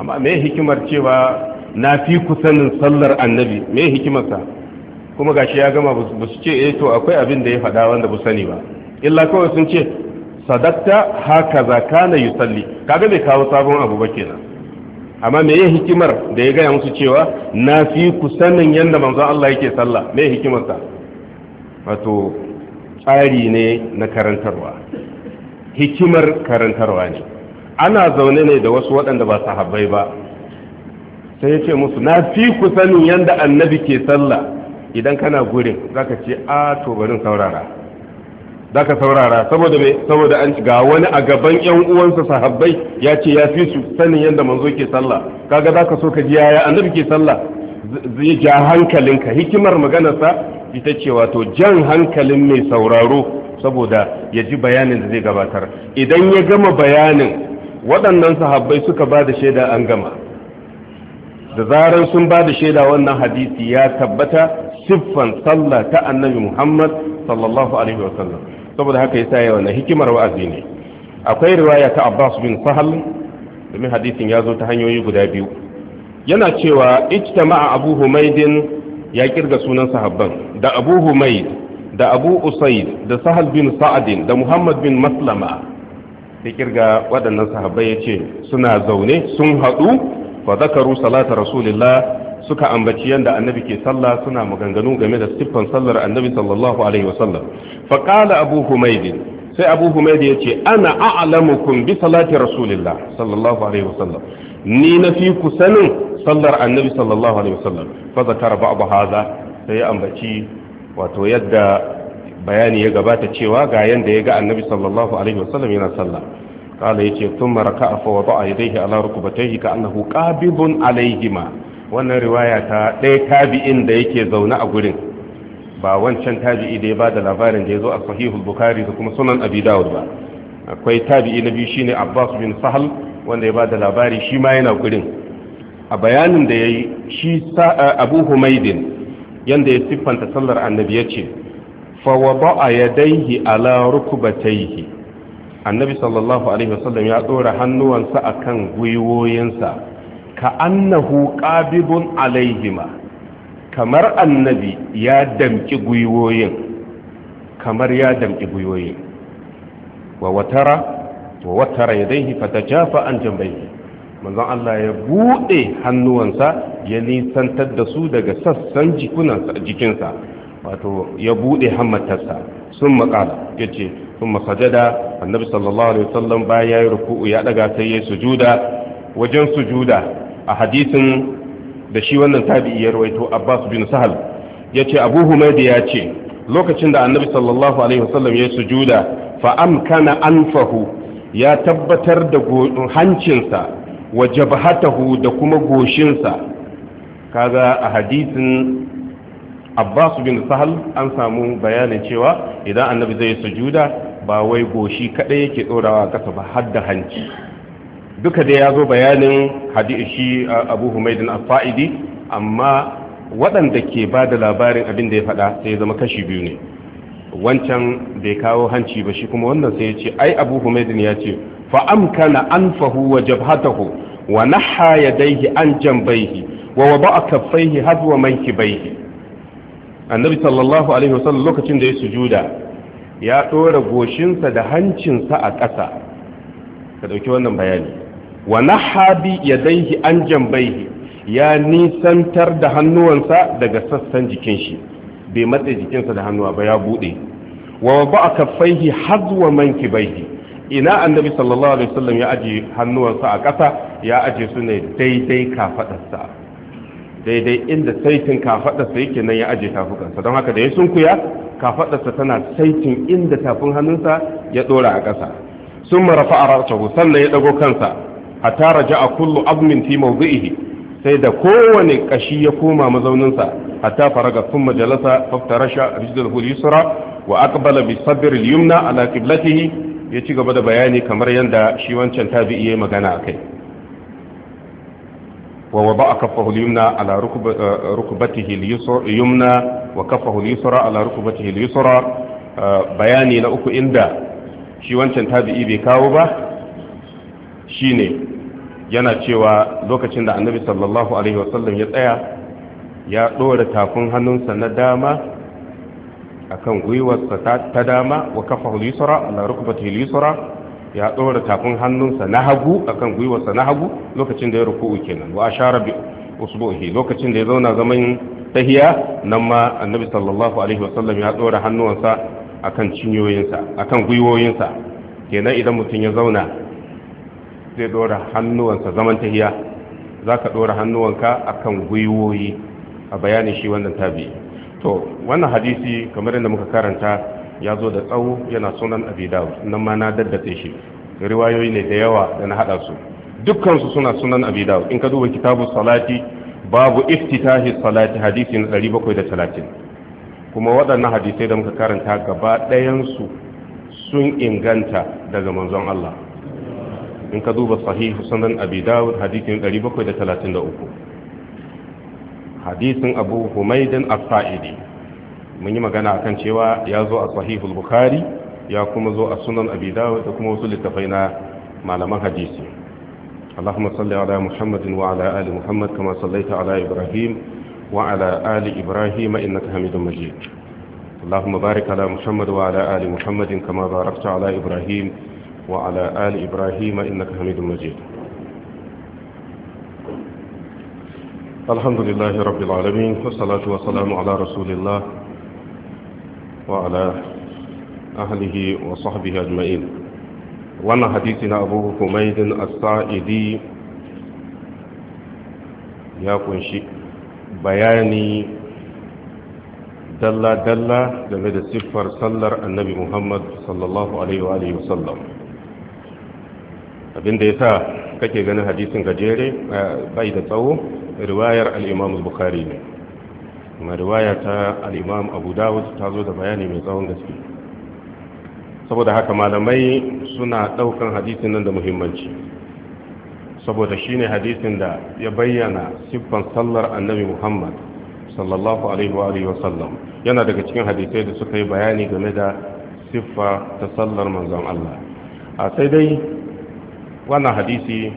Speaker 1: amma me hikimar cewa na fi kusanin sallar annabi me hikimarsa kuma gashi ya gama ba su ce eh to akwai abin da ya faɗa wanda ba sani ba illa kawai sun ce sadakta haka za kana yusalli kaga bai kawo sabon abu ba kenan amma me ya hikimar da ya gaya musu cewa na fi kusanin yadda manzon Allah yake sallah me hikimarsa wato tsari ne na karantarwa hikimar karantarwa ne ana zaune ne da wasu waɗanda ba sahabbai ba sai ya ce musu na fi ku sanin yadda annabi ke sallah idan kana gurin zaka ce a tobarin saurara saurara ka saurara saboda mai saboda an ga wani a gaban yan uwansa sahabbai ya ce ya fi su sanin yadda manzo ke sallah kaga ka so ka ji yaya annabi ke sallah zai ja hankalinka hikimar maganarsa ita ce wato jan hankalin mai sauraro saboda ya ji bayanin da zai gabatar idan ya gama bayanin waɗannan sahabbai suka ba da shaida an gama da zarar sun ba da shaida wannan hadisi ya tabbata siffan sallah ta annabi muhammad sallallahu alaihi wasallam saboda haka yasa ya wannan hikimar wa'azi ne akwai riwaya ta abbas bin sahal domin hadisin ya zo ta hanyoyi guda biyu yana cewa ijtama'a abu humaydin ya kirga sunan sahabban da abu humayd da abu usaid da sahal bin sa'adin da muhammad bin maslama sai kirga waɗannan sahabbai ya ce suna zaune sun haɗu fa zakaru salata rasulillah suka ambaci yadda annabi ke sallah suna maganganu game da siffan sallar annabi sallallahu alaihi wasallam fa qala abu humaydin sai abu humayd ya ce ana a'lamukum bi salati rasulillah sallallahu alaihi wasallam ni na fi ku sanin sallar annabi sallallahu alaihi wasallam fa zakara ba'd hadha sai ya ambaci wato yadda bayani ya gabata cewa ga yanda ya ga annabi sallallahu alaihi wasallam yana sallah kala yace thumma raka'a fa wada'a yadayhi ala rukbatayhi ka annahu qabidun alaihima wannan riwaya ta ɗaya tabi'in da yake zaune a gurin ba wancan tabi'i da ya ba da labarin da ya zo a sahihul bukhari da kuma sunan abi dawud ba akwai tabi'i na biyu shine abbas bin sahal wanda ya ba da labari shi ma yana gurin a bayanin da yayi yi shi abu humaidin yanda ya siffanta sallar annabi ya ce fawaba ya daihi ala rukubataihi annabi sallallahu alaihi wasallam ya ɗora hannuwansa a kan gwiwoyinsa ka annahu ƙabibun alaihima kamar annabi ya damƙi gwiwoyin kamar ya damƙi gwiwoyin wa watara wa watara ya daihi fata jafa an jambai manzon Allah ya buɗe hannuwansa ya nisantar da su daga sassan jikinsa wato ya buɗe hammatarsa sun makala ya ce sun masajada annabi sallallahu alaihi wasallam bayan ya yi ruku'u ya daga sai ya sujuda wajen sujuda a hadisin da shi wannan tabi ya rawaito Abbas bin Sahal yace Abu Humaydi ya ce lokacin da annabi sallallahu alaihi wasallam ya sujuda fa amkana anfahu ya tabbatar da hancinsa wa jabhatahu da kuma goshinsa kaga a hadisin Abbas bin Sahal an samu bayanin cewa idan annabi zai sujuda ba wai goshi kadai yake dorawa kasa ba har da hanci duka da ya zo bayanin hadisi Abu Humaydin Al-Fa'idi amma waɗanda ke ba da labarin abin da ya faɗa sai zama kashi biyu ne wancan bai kawo hanci ba shi kuma wannan sai ya ce ai Abu Humaydin ya ce fa amkana anfahu wa jabhatahu wa nahha yadayhi an jambayhi wa wada'a kaffayhi hadwa mankibayhi annabi sallallahu alaihi wasallam lokacin da ya sujuda ya dora goshinsa da hancinsa a ƙasa ka wannan bayani wa nahha ya yadayhi an jambayhi ya nisantar da hannuwansa daga sassan jikin shi bai matse jikinsa da hannuwa ba ya bude wa wada'a kaffayhi manki mankibayhi ina annabi sallallahu alaihi wasallam ya aje hannuwansa a ƙasa ya aje su ne daidai kafadarsa daidai inda saitin kafadarsa yake nan ya aje tafukansa don haka da ya sunkuya kafadarsa tana saitin inda tafin hannunsa ya dora a ƙasa sun marafa a rarsahu sannan ya dago kansa a tara raja a kullu abmin fi mawdi'ihi sai da kowane kashi ya koma mazauninsa hatta faraga sun majalasa faftarasha rijdul yusra wa aqbala bi sadri al-yumna ala qiblatihi ya ci gaba da bayani kamar yadda shi wancan tabi iya magana kai wa waba kaffahu al-yumna ala rukbatihi eh, al-yumna wa kafa al a ala rukbatihi al eh, bayani na uku inda shi wancan tabi bai kawo ba shi ne yana cewa lokacin da annabi sallallahu alaihi wasallam ya tsaya ya ɗora tafin hannunsa na dama akan gwiwarsa ta dama wa kafa yusra ala rukbati yusra ya dora tafin hannunsa na hagu akan gwiwarsa na hagu lokacin da ya ruku'u kenan wa ashara bi usbuhi lokacin da ya zauna zaman tahiya nan ma annabi sallallahu alaihi wasallam ya dora hannuwansa akan cinyoyinsa akan gwiwoyinsa kenan idan mutum ya zauna zai dora hannuwansa zaman tahiya zaka dora hannuwanka akan gwiwoyi a bayanin shi wannan tabi'i to wannan hadisi kamar yadda muka karanta ya zo da tsawo yana sunan abi dawud nan ma na daddace shi riwayoyi ne da yawa da na haɗa su dukkan suna sunan abi dawud in ka duba kitabu salati babu iftitahi salati hadisi na 730 kuma waɗannan hadisai da muka karanta gaba ɗayan su sun inganta daga manzon Allah in ka duba sahihu sunan abi dawud hadisi na 733 hadisin abu humaidin al-fa’idi mun yi magana kan cewa ya zo a sahihul bukari ya kuma zo a sunan abidawa da kuma wasu littafai na malaman hadisi allahumma salli ala muhammadin wa ali muhammad kama sallaita ala ibrahim wa ali ibrahim innaka hamidun majid اللهم بارك على محمد وعلى آل محمد كما باركت على إبراهيم وعلى آل إبراهيم إنك حميد مجيد الحمد لله رب العالمين والصلاة والسلام على رسول الله وعلى أهله وصحبه أجمعين وانا حديثنا أبو حميد السائدي ya kunshi bayani dalla-dalla game da siffar sallar annabi muhammad sallallahu alaihi wa sallam abinda ya sa kake ganin hadisin gajere eh, bai da tsawo riwayar al'imam bukari ne kuma riwaya ta al'imam abu dawud ta zo da bayani mai tsawon gaske saboda haka malamai suna ɗaukan hadisin nan da muhimmanci saboda shi ne hadisin da ya bayyana siffan sallar annabi muhammad sallallahu alaihi wa sallam yana daga cikin hadisai da suka yi bayani game da siffa ta sallar manzon Allah a sai dai wannan hadisi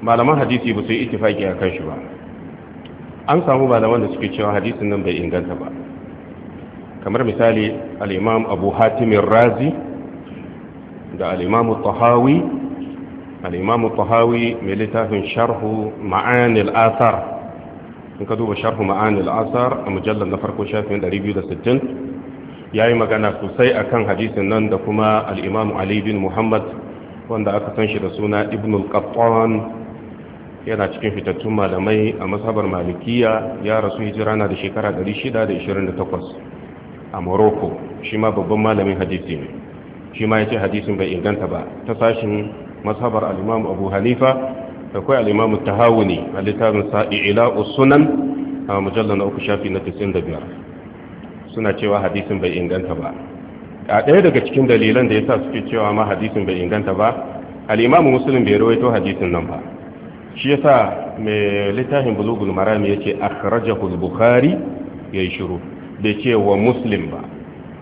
Speaker 1: malaman hadisi ba su yi itifaki a kan shi ba an samu malaman da suke cewa hadisin nan bai inganta ba kamar misali al'imam abu hatimin razi da al'imamu tahawi al'imamu tahawi mai littafin sharhu ma'anil asar in ka duba sharhu ma'anil asar a mujallar na farko shafin 260 ya yi magana sosai a kan hadisin nan da kuma al'imamu ali bin muhammad wanda aka san shi da suna ibn al-qattan yana cikin fitattun malamai a masabar malikiya ya rasu hijira na da shekara 628 a morocco shi ma babban malamin hadisi ne shi ma ya ce hadisin bai inganta ba ta sashin masabar alimamu abu hanifa da kawai alimamu ta hawu ne a littafin sa'ila usunan a mujallar na uku shafi na 95 suna cewa hadisin bai inganta ba a ɗaya daga cikin dalilan da ya sa suke cewa ma hadisin bai inganta ba alimamu musulun bai rawaito hadisin nan ba shi ya sa mai littafin bulugul marami yace akhrajahu al-bukhari yi shiru bai ce wa muslim ba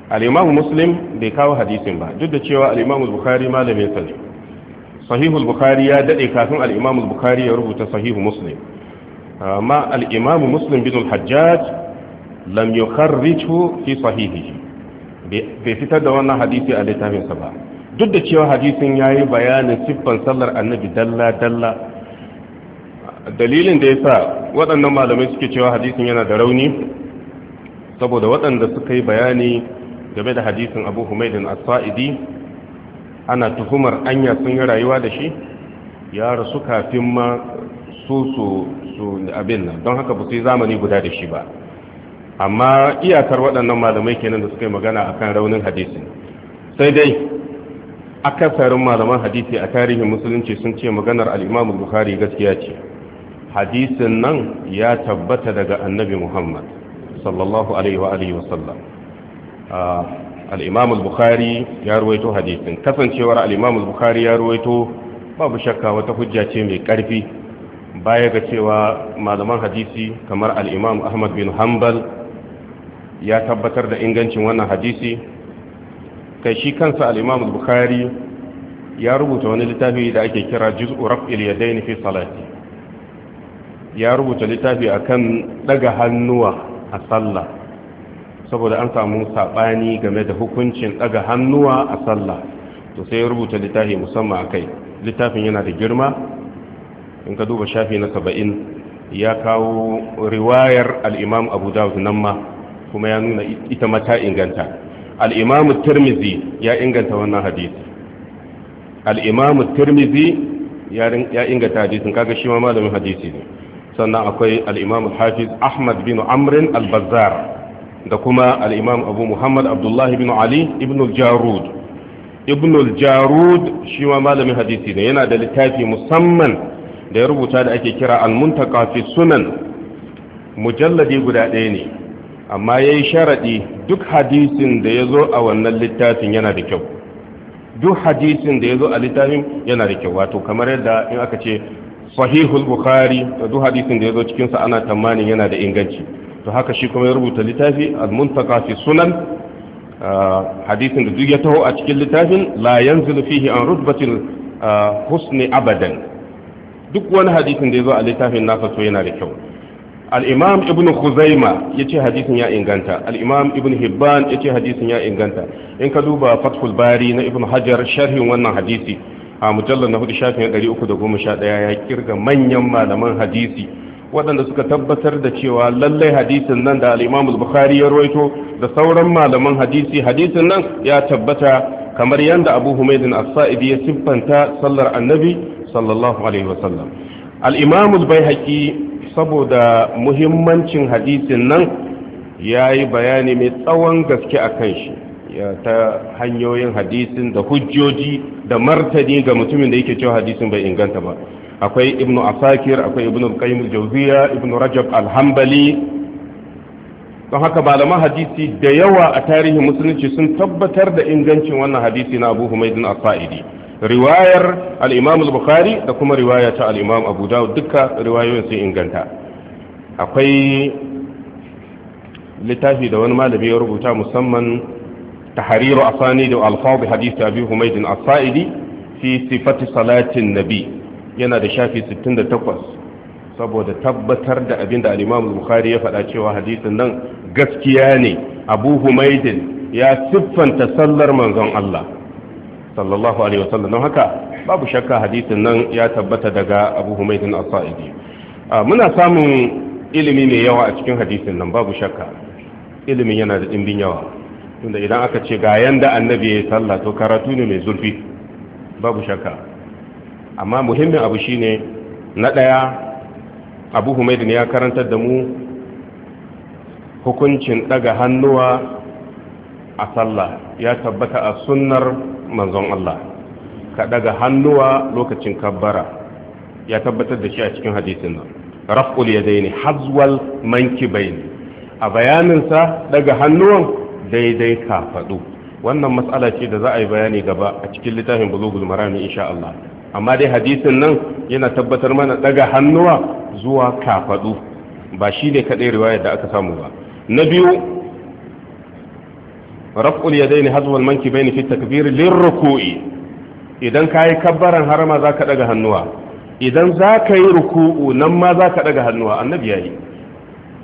Speaker 1: Al'imamu muslim bai kawo hadisin ba duk da cewa al'imamu imam al-bukhari malamin sa ne sahihul bukhari ya dade kafin al'imamu imam bukhari ya rubuta sahihu muslim amma al'imamu muslim bin hajjaj lam yukharrijhu fi sahihihi bai fitar da wannan hadisi a littafinsa ba duk da cewa hadisin yayi bayanin siffan sallar annabi dalla dalla dalilin da ya sa waɗannan malamai suke cewa hadisin yana da rauni saboda waɗanda suka yi bayani game da hadisin abu humaidin asa'idi ana tuhumar anya sun yi rayuwa da shi ya rasu kafin ma su su abin nan don haka ba su yi zamani guda da shi ba amma iyakar waɗannan malamai kenan da suka yi magana a kan raunin hadisin sai dai akasarin malaman hadisi a tarihin musulunci sun ce maganar al'imamu Buhari gaskiya ce hadisin nan ya tabbata daga annabi Muhammad sallallahu alaihi wa alihi wasallam ah, al-Imam bukhari ya ruwaito hadisin kasancewar al-Imam bukhari ya ruwaito babu shakka wata hujja ce mai karfi baya ga cewa malaman hadisi kamar al-Imam Ahmad bin Hanbal ya tabbatar da ingancin wannan hadisi kai shi kansa al-Imam al-Bukhari ya rubuta wani littafi da ake kira juz'u raf'il yadayn fi salati ya rubuta littafi akan ɗaga hannuwa a sallah saboda an samu saɓani game da hukuncin ɗaga hannuwa a sallah to sai ya rubuta littafi musamman a kai. littafin yana da girma in ka duba shafi na saba'in ya kawo riwayar al'imam Abu Dawud nan ma kuma ya nuna ita mata inganta Al'imam turmizi ya inganta wannan hadisi Al'imam turmizi ya inganta hadisin kaga shi ma malamin hadisi ne sannan akwai al'imam hafiz ahmad bin amrin al da kuma al'imam abu muhammad abdullahi bin ali ibn jarud ibn jarud shi ma malamin hadisi ne yana da littafi musamman da ya rubuta da ake kira al-muntaka fi sunan mujalladi guda ɗaya ne amma ya yi sharaɗi duk hadisin da ya zo a wannan littafin yana da kyau duk hadisin da ya zo a littafin yana da kyau wato kamar yadda in aka ce sahihul bukhari da duk hadisin da ya zo cikinsa ana tamanin yana da inganci to haka shi kuma ya rubuta littafi al-muntaka fi sunan hadisin da duk ya taho a cikin littafin la yanzilu fihi an rutbatil husni abadan duk wani hadisin da ya zo a littafin nasa to yana da kyau al-imam ibn khuzaima yace hadisin ya inganta al-imam ibn hibban yace hadisin ya inganta in ka duba fathul bari na ibn hajar sharhin wannan hadisi a mujallar na hudu shafin uku da goma sha ɗaya ya kirga manyan malaman hadisi waɗanda suka tabbatar da cewa lallai hadisin nan da al'imamul bukhari ya roito da sauran malaman hadisi hadisin nan ya tabbata kamar yadda abu humaidin asa'ibi ya siffanta sallar annabi sallallahu alaihi wasallam al'imamul bai saboda muhimmancin hadisin nan ya yi bayani mai tsawon gaske a kan shi ta hanyoyin hadisin da hujjoji da martani ga mutumin da yake cewa hadisin bai inganta ba akwai ibnu asakir akwai ibnu qayyim al-jawziya ibnu rajab al-hanbali don haka malaman hadisi da yawa a tarihin musulunci sun tabbatar da ingancin wannan hadisi na abu humaydin as-sa'idi riwayar al-imam al-bukhari da kuma riwaya ta al-imam abu dawud duka riwayoyin sun inganta akwai littafi da wani malami ya rubuta musamman تحرير أسانيد وألفاظ حديث أبي حميد الصائدي في صفة صلاة النبي yana da shafi 68 saboda tabbatar da abinda da al-Imam Bukhari ya faɗa cewa hadisin nan gaskiya ne Abu Humaydin ya siffanta sallar manzon Allah sallallahu alaihi wasallam don haka babu shakka hadisin nan ya tabbata daga Abu Humaydin As-Sa'idi muna samun ilimi mai yawa a cikin hadisin nan babu shakka ilimin yana da dimbin yawa tunda idan aka ce ga yanda annabi ya yi sallah to karatu ne mai zurfi babu shakka amma muhimmin abu shine na ɗaya abu ne ya karantar da mu hukuncin ɗaga hannuwa a sallah ya tabbata a sunnar manzon Allah ka ɗaga hannuwa lokacin kabbara ya tabbatar da shi a cikin hadisin nan raf'ul yadaini hazwal mankibaini a bayanin sa daga hannuwan daidai kafadu wannan matsala ce da za a yi bayani gaba a cikin littafin bulugul marami insha Allah amma dai hadisin nan yana tabbatar mana daga hannuwa zuwa kafadu ba shi ne kaɗai riwayar da aka samu ba na biyu raf'ul yadaini hazwal mankibaini fi takbir lin ruku'i. idan kayi kabbaran harama ka ɗaga hannuwa idan za ka yi ruku'u nan ma za ka ɗaga hannuwa annabi ya yi.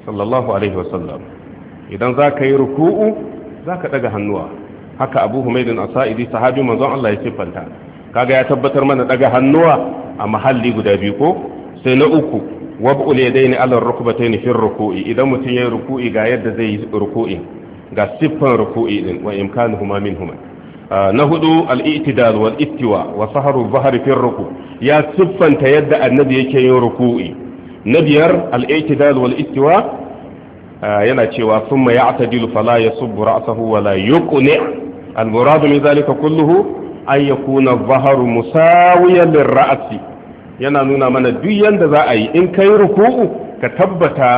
Speaker 1: sallallahu alaihi wasallam idan za ka yi ruku'u za ka ɗaga hannuwa haka abu humaidin asa'idi sahabi manzon Allah ya siffanta kaga ya tabbatar mana ɗaga hannuwa a mahalli guda biyu ko sai na uku wab'ul yadayni ala rukbatayn fi ruku'i idan mutum yayin ruku'i ga yadda zai yi ruku'i ga siffan ruku'i din wa min minhuma ah, na hudu al-i'tidal wal ittiwa wa sahru dhahri fi ruku ya siffanta yadda annabi yake yin ruku'i na biyar al-i'tidal wal ittiwa yana cewa summa ya'tadilu fala yasubbu ra'sahu wala yuqni al-muradu min zalika kulluhu an yakuna adh-dhahru musawiyan lir yana nuna mana duk yanda za a yi in kai ruku'u ka tabbata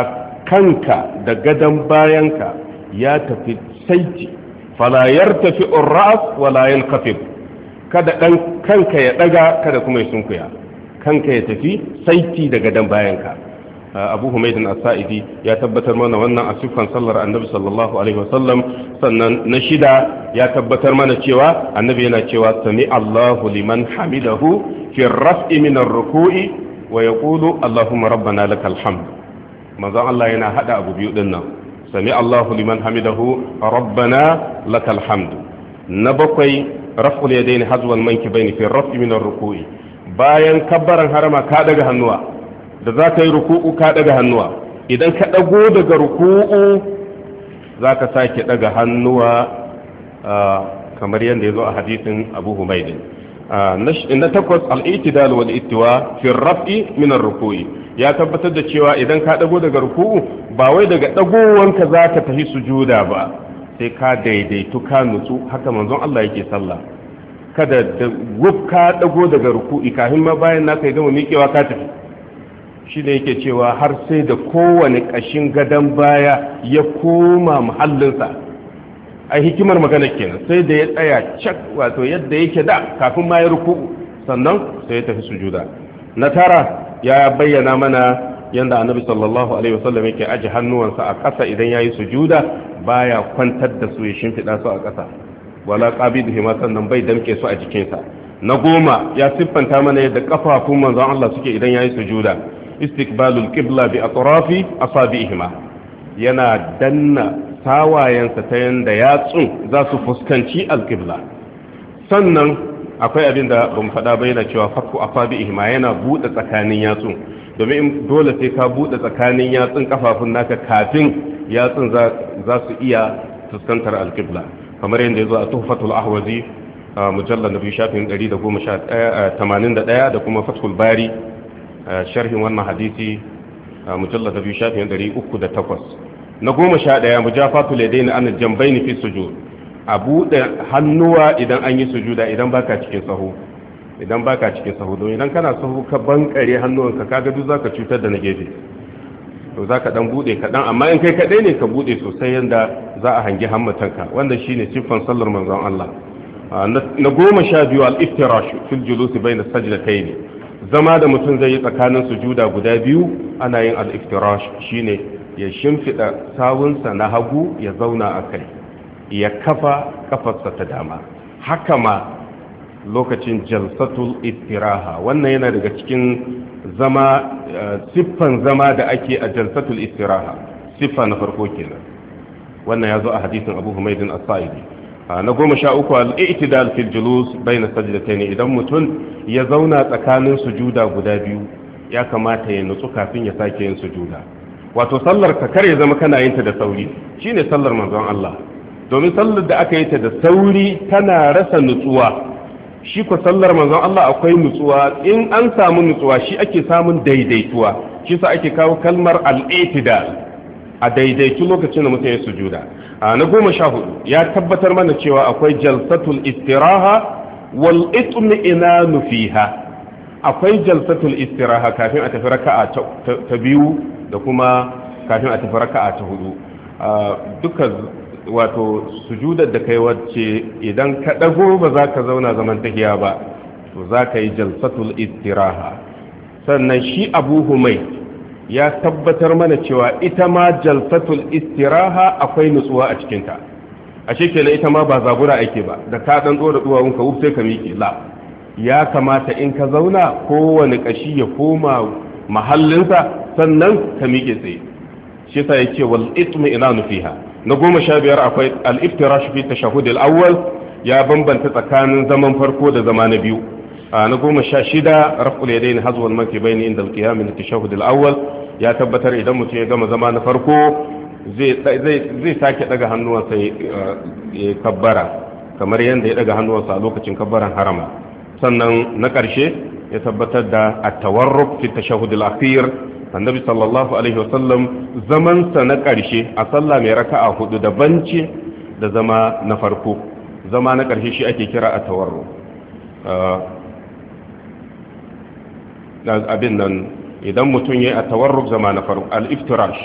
Speaker 1: kanka da gadan bayanka ya tafi saiti fala yartafi ar-ra's wala yanqafid kada dan kanka ya daga kada kuma ya sunkuya kanka ya tafi saiti da gadan bayanka abu humaydin as-sa'idi ya tabbatar mana wannan a siffan sallar annabi sallallahu alaihi wasallam sannan na shida ya tabbatar mana cewa annabi yana cewa sami Allahu liman hamidahu fi raf'i min ar-ruku'i wa yaqulu Allahumma rabbana lakal hamd manzon Allah yana hada abu biyu din nan sami Allahu liman hamidahu rabbana lakal hamd na bakwai raf'ul yadaini hazwa al-mankibaini fi raf'i min ar-ruku'i bayan kabbaran harama ka daga hannuwa da za ka yi ruku'u ka daga hannuwa idan ka dago daga ruku'u za ka sake daga hannuwa kamar yadda ya zo a hadisin abu humaidi na takwas da wal ittiwa fi raf'i min ruku'i ya tabbatar da cewa idan ka dago daga ruku'u ba wai daga dagowanka za ka tafi sujuda ba sai ka daidaitu ka nutsu haka manzon Allah yake sallah kada da gub ka dago daga ruku'i kafin ma bayan na kai gama miƙewa ka tafi shi ne yake cewa har sai da kowane ƙashin gadon baya ya koma muhallinsa a hikimar magana kenan sai da ya tsaya cak wato yadda yake da kafin ma ya ruku sannan sai ya tafi sujuda na tara ya bayyana mana yadda annabi sallallahu alaihi wasallam yake ajiye hannuwansa a ƙasa idan ya yayi sujuda baya kwantar da su ya shimfiɗa su a ƙasa wala da hima sannan bai damke su a jikinsa na goma ya siffanta mana yadda kafafun manzon Allah suke idan ya yi sujuda istiqbalul qibla bi atrafi asabi'ihima yana danna sawayensa ta yanda yatsun za su fuskanci alqibla sannan akwai abin da ban faɗa ba yana cewa fakku ihma yana buɗe tsakanin yatsun domin dole sai ka buɗe tsakanin yatsun kafafun naka kafin yatsun za su iya fuskantar alqibla kamar yadda ya zo a tuhfatul ahwazi mujallar na biyu shafin 181 da kuma fathul bari sharhin wannan hadisi mujalla da biyu shafin ɗari uku da takwas na goma sha ɗaya mu mujafatu ladaini an jambaini fi sujud a buɗe hannuwa idan an yi da idan baka cikin sahu idan baka cikin sahu don idan kana sahu ka bankare hannuwanka kaga duk ka cutar da na gefe to za zaka dan ka kaɗan amma in kai kaɗai ne ka buɗe sosai yadda za a hangi hammatanka wanda ne siffan sallar manzon Allah na goma sha biyu al-iftirash fil julus bayna sajdatayn zama da mutum zai yi tsakanin sujuda guda biyu ana yin aliftirash shi shine ya shimfiɗa sawunsa na hagu ya zauna a kai ya kafa kafarsa ta dama haka ma lokacin jalsatul istiraha wannan yana daga cikin zama eh, siffan zama da ake a jalsatul istiraha siffa na farko kenan wannan ya zo a hadisin abu humaydin as-sa'idi na goma sha uku al'itidal fil julus bayna sajdatayni idan mutum ya zauna tsakanin sujuda guda biyu ya kamata ya nutsu kafin ya sake yin sujuda wato sallar ka kare zama kana yin ta da sauri shine sallar manzon Allah domin sallar da aka yi ta da sauri tana rasa nutsuwa shi ko sallar manzon Allah akwai nutsuwa in an samu nutsuwa shi ake samun daidaituwa shi sa ake kawo kalmar al'itidal a daidaitu lokacin da mutum ya sujuda a na goma sha hudu ya tabbatar mana cewa akwai jalsatul istiraha wal itmi'ina fiha akwai jalsatul istiraha kafin a tafi raka'a ta biyu da kuma kafin a tafi raka'a ta hudu duka wato sujudar da kai wacce idan ka dago ba za ka zauna zaman tahiya ba to za ka yi jalsatul istiraha sannan shi abu humai ya tabbatar mana cewa ita ma jalsatul istiraha akwai nutsuwa a cikinta A kenan ita ma ba zagura ake ba da ka dan tsora duwawun ka sai ka miƙe la ya kamata in ka zauna kowane kashi ya koma mahallinsa sannan ka miƙe tsaye shi yasa yake wal itmi'nanu fiha na goma sha biyar akwai al-iftirash fi tashahhud al-awwal ya bambanta tsakanin zaman farko da zama na biyu na goma sha shida raf'ul yadayn hazwal mankibayn inda al-qiyam min at-tashahhud al-awwal ya tabbatar idan mutum ya gama zama na farko zai sake daga hannuwansa ya kabbara kamar yadda ya daga hannuwansa a lokacin kabbaran harama sannan na ƙarshe ya tabbatar da a tawarruk fi at-tashahhud annabi sallallahu alaihi wasallam zaman sa na ƙarshe a sallah mai raka'a hudu da banci da zama na farko zama na ƙarshe shi ake kira a tawarruk abin nan idan mutum ya yi a tawarruk zama na farko al-iftirash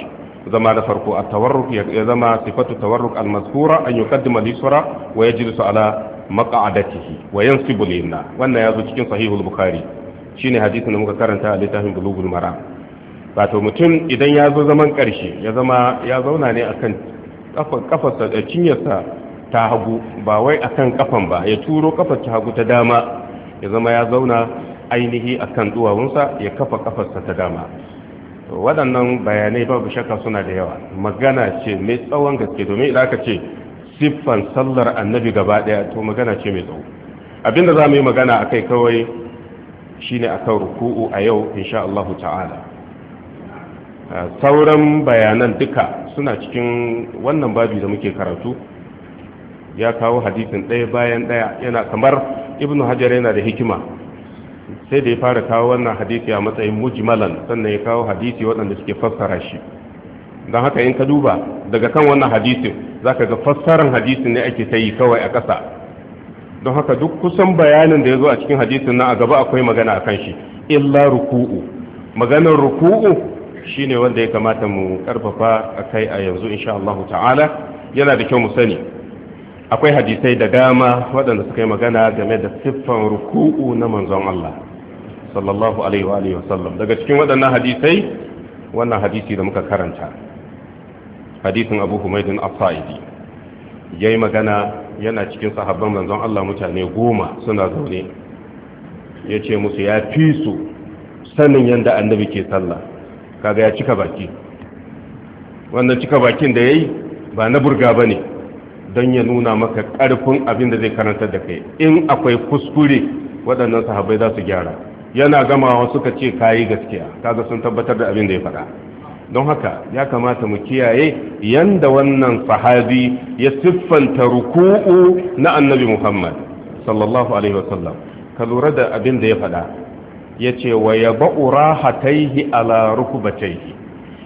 Speaker 1: zama na farko a tawarruk ya zama sifatu tawarruk al-mazkura an yuqaddima al-yusra wa yajlisu ala maq'adatihi wa 'yan lillah wannan yazo cikin sahihul shi shine hadisin da muka karanta a littafin bulugul maram wato mutum idan ya zo zaman karshe ya zama ya zauna ne akan kafarsa da eh, cinyarsa ta hagu ba wai akan kafan ba ya turo kafar ta hagu ta dama ya zama ya zauna ainihi akan duwawunsa ya kafa kafarsa ta dama waɗannan bayanai babu shakka suna da yawa magana ce mai tsawon gaske domin idan aka ce siffan sallar annabi gaba ɗaya to magana ce mai tsawo abinda za mu yi magana a kai kawai shine akan ruku'u a yau insha Allah ta'ala sauran bayanan duka suna cikin wannan babi da muke karatu ya kawo hadisin ɗaya bayan ɗaya yana kamar ibnu hajar yana da hikima sai da ya fara kawo wannan hadisi a matsayin mujmalan sannan ya kawo hadisi waɗanda suke fassara shi don haka in ka duba daga kan wannan hadisin ka ga fassaran hadisi ne ake ta yi kawai a ƙasa don haka duk kusan bayanin da ya zo a cikin hadisin nan a gaba akwai magana a kan shi illa ruku'u maganar ruku'u shi ne wanda ya kamata mu karfafa kai a yanzu insha ta'ala yana da kyau mu sani akwai hadisai da dama waɗanda suka yi magana game da siffan ruku'u na manzon Allah sallallahu alaihi wa alihi daga cikin waɗannan hadisai wannan hadisi da muka karanta hadisin Abu Humaydin as ya yayi magana yana cikin sahabban manzon Allah mutane goma suna zaune yace musu ya fi su sanin yadda annabi ke sallah kaga ya cika baki wannan cika bakin da ya yi ba na burga ba ne don ya nuna maka ƙarfin abin da zai karanta da kai in akwai kuskure waɗannan sahabbai za su gyara yana gamawa suka ce kayi gaskiya kaga sun tabbatar da abin da ya faɗa don haka ya kamata mu kiyaye yanda wannan sahabi ya siffanta ruku'u na annabi muhammad sallallahu alaihi wasallam ka lura da abin da ya faɗa ya ce wa ya ba'ura hataihi ala rukubataihi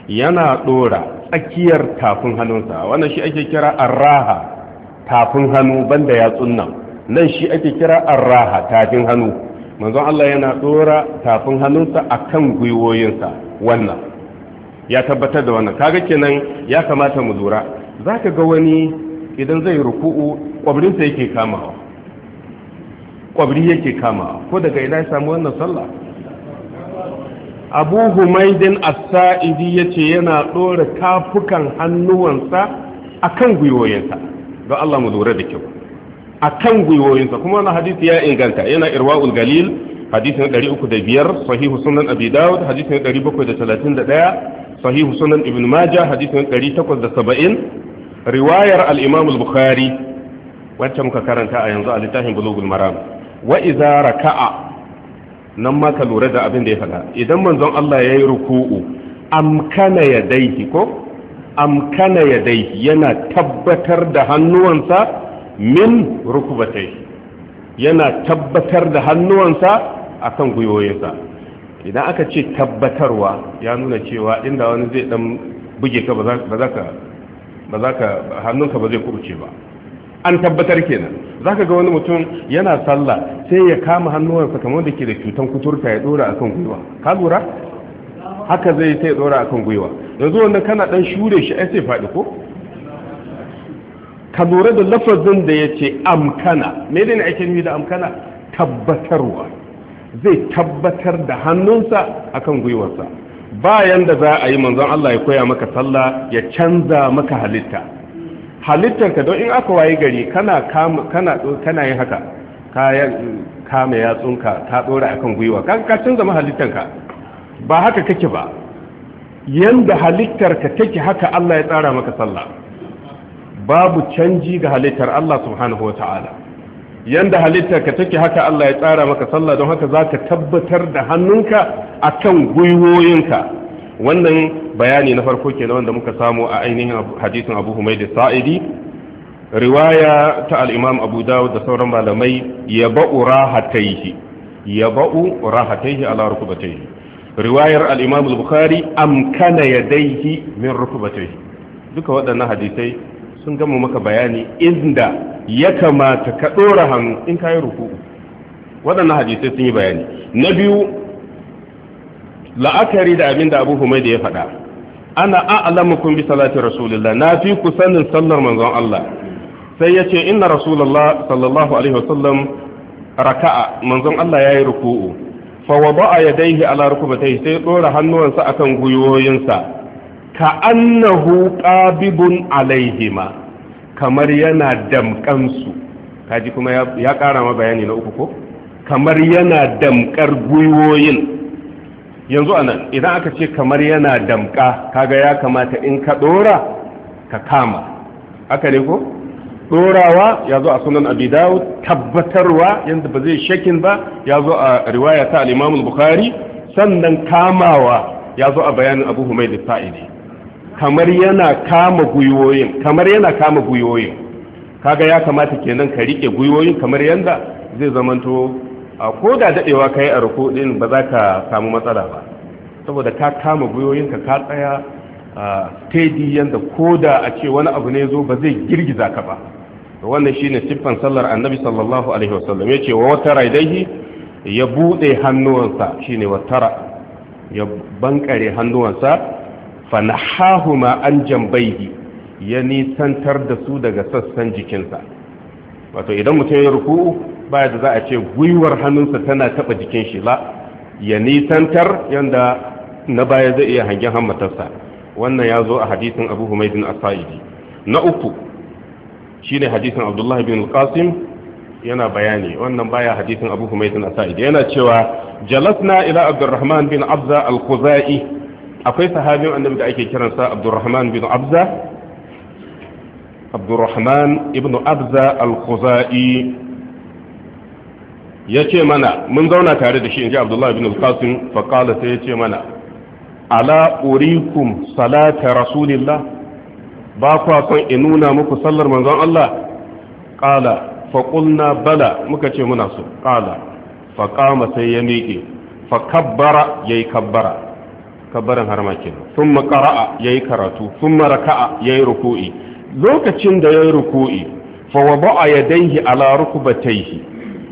Speaker 1: yana ɗora tsakiyar tafin hannunsa wannan shi ake kira arraha tafin hannu banda yatsun nan nan shi ake kira arraha tafin hannu manzon Allah yana dora tafin hannunsa akan gwiwoyinsa wannan ya tabbatar da wannan kaga kenan ya kamata mu lura zaka ga wani idan zai ruku'u kwabrinsa yake kamawa kwabri yake kamawa ko daga ina ya samu wannan sallah abu humaidin as ya ce yana ɗora tafukan hannuwansa akan gwiwoyinsa don allah mu lura da kyau akan gwiwoyinsa kuma wannan hadisi ya inganta yana irwaul galil hadisi na 305 sahihu sunan abi dawud hadisi na 731 sahihu sunan ibn majah hadisi na 870 riwayar al-imam al-bukhari wacce muka karanta a yanzu a littafin bulugul maram wa idza raka'a nan ma ka lura da abin da ya faɗa idan manzon Allah ya yi ruku'u amkana yadaihi ko amkana yadaihi yana tabbatar da hannuwansa min rukubatai yana tabbatar da hannuwansa a kan gwiwoyinsa idan aka ce tabbatarwa ya nuna cewa inda wani zai dan buge ka ba za ka hannunka ba zai kubuce ba an tabbatar kenan za ka ga wani mutum yana sallah sai ya kama hannuwansa kamar da ke da cutar kuturta ya dora kan gwiwa ka lura haka zai sai ya dora kan gwiwa yanzu wanda kana dan shure shi ai sai faɗi ko ka lura da lafazin da ya ce amkana ne ake nufi da amkana tabbatarwa zai tabbatar da hannunsa akan gwiwarsa bayan da za a yi manzon Allah ya koya maka sallah ya canza maka halitta halittarka don in aka waye gari kana kana kana yin haka kayan kame yatsunka ta dora akan gwiwa ka ka canza halittarka. ba haka kake ba yanda halittarka take haka Allah ya tsara maka sallah babu canji ga halittar Allah subhanahu wata'ala yanda halittar ka take haka Allah ya tsara maka sallah don haka zaka tabbatar da hannunka akan gwiwoyinka wannan bayani na farko kenan wanda muka samu a ainihin hadisin Abu Humayd Sa'idi riwaya ta al-Imam Abu Dawud da sauran malamai yaba'u rahataihi yaba'u rahataihi ala rukubataihi riwayar al-Imam al-Bukhari amkana yadayhi min rukubataihi duka waɗannan hadisai sun gama maka bayani inda ya kamata ka ɗora hannu in ka yi ruku'u waɗannan hadisai sun yi bayani na biyu la'akari da abin da abu humaida ya faɗa ana kun bi salati rasulillah na fi ku sanin sallar manzon Allah sai ya ce inna rasulullah sallallahu alaihi wasallam raka'a manzon Allah yayi ruku'u fa wada'a yadayhi ala rukbatayhi sai ɗora hannuwansa akan guyoyinsa ka annahu qabibun alaihima kamar yana damkan kaji kuma ya ƙara ma bayani na uku ko kamar yana damkar gwiwoyin yanzu anan idan aka ce kamar yana damƙa, kaga ya kamata in ka dora ka kama aka ne ko dorawa ya zo a sunan abi tabbatarwa yanzu ba zai shakin ba ya zo a riwaya ta al-imam bukhari sannan kamawa ya zo a bayanin abu humaydi kamar yana kama guyoyin kamar yana kama guyoyin kaga ya kamata kenan ka rike guyoyin kamar yanda zai zamanto a ko da dadewa kai a ruku din ba za ka samu matsala ba saboda ka kama guyoyin ka ka tsaya a steady yanda ko da a ce wani abu ne zo ba zai girgiza ka ba wannan shine siffan sallar annabi sallallahu alaihi wasallam yace wa watara idaihi ya bude hannuwansa shine watara ya bankare hannuwansa fanahahuma an jambaihi ya nisantar da su daga sassan jikinsa wato idan mutum ya ruku baya da za a ce gwiwar hannunsa tana taba jikin shi la ya nisantar yadda na baya zai iya hangen hammatarsa wannan ya zo a hadisin abu humaydin asa'idi na uku shine hadisin abdullahi bin al-qasim yana bayani wannan baya hadisin abu humaydin asa'idi yana cewa jalasna ila abdurrahman bin abza al-khuzai akwai sahabin annabi da ake kiransa abdurrahman bin abza abdurrahman ibn abza al-khuzai ya ce mana mun zauna tare da shi in ji abdullahi bin al-qasim faƙala sai ya ce mana ala urikum salata rasulillah ba kwa son in nuna muku sallar manzon Allah ƙala faƙulna bala muka ce muna so fa faƙama sai ya miƙe faƙabbara ya yi kabbara har harma sun makara'a ya yi karatu sun thumma ya yi ruku'i lokacin da ya yi ruku'i fawa a ya yadayhi ala rukbatayhi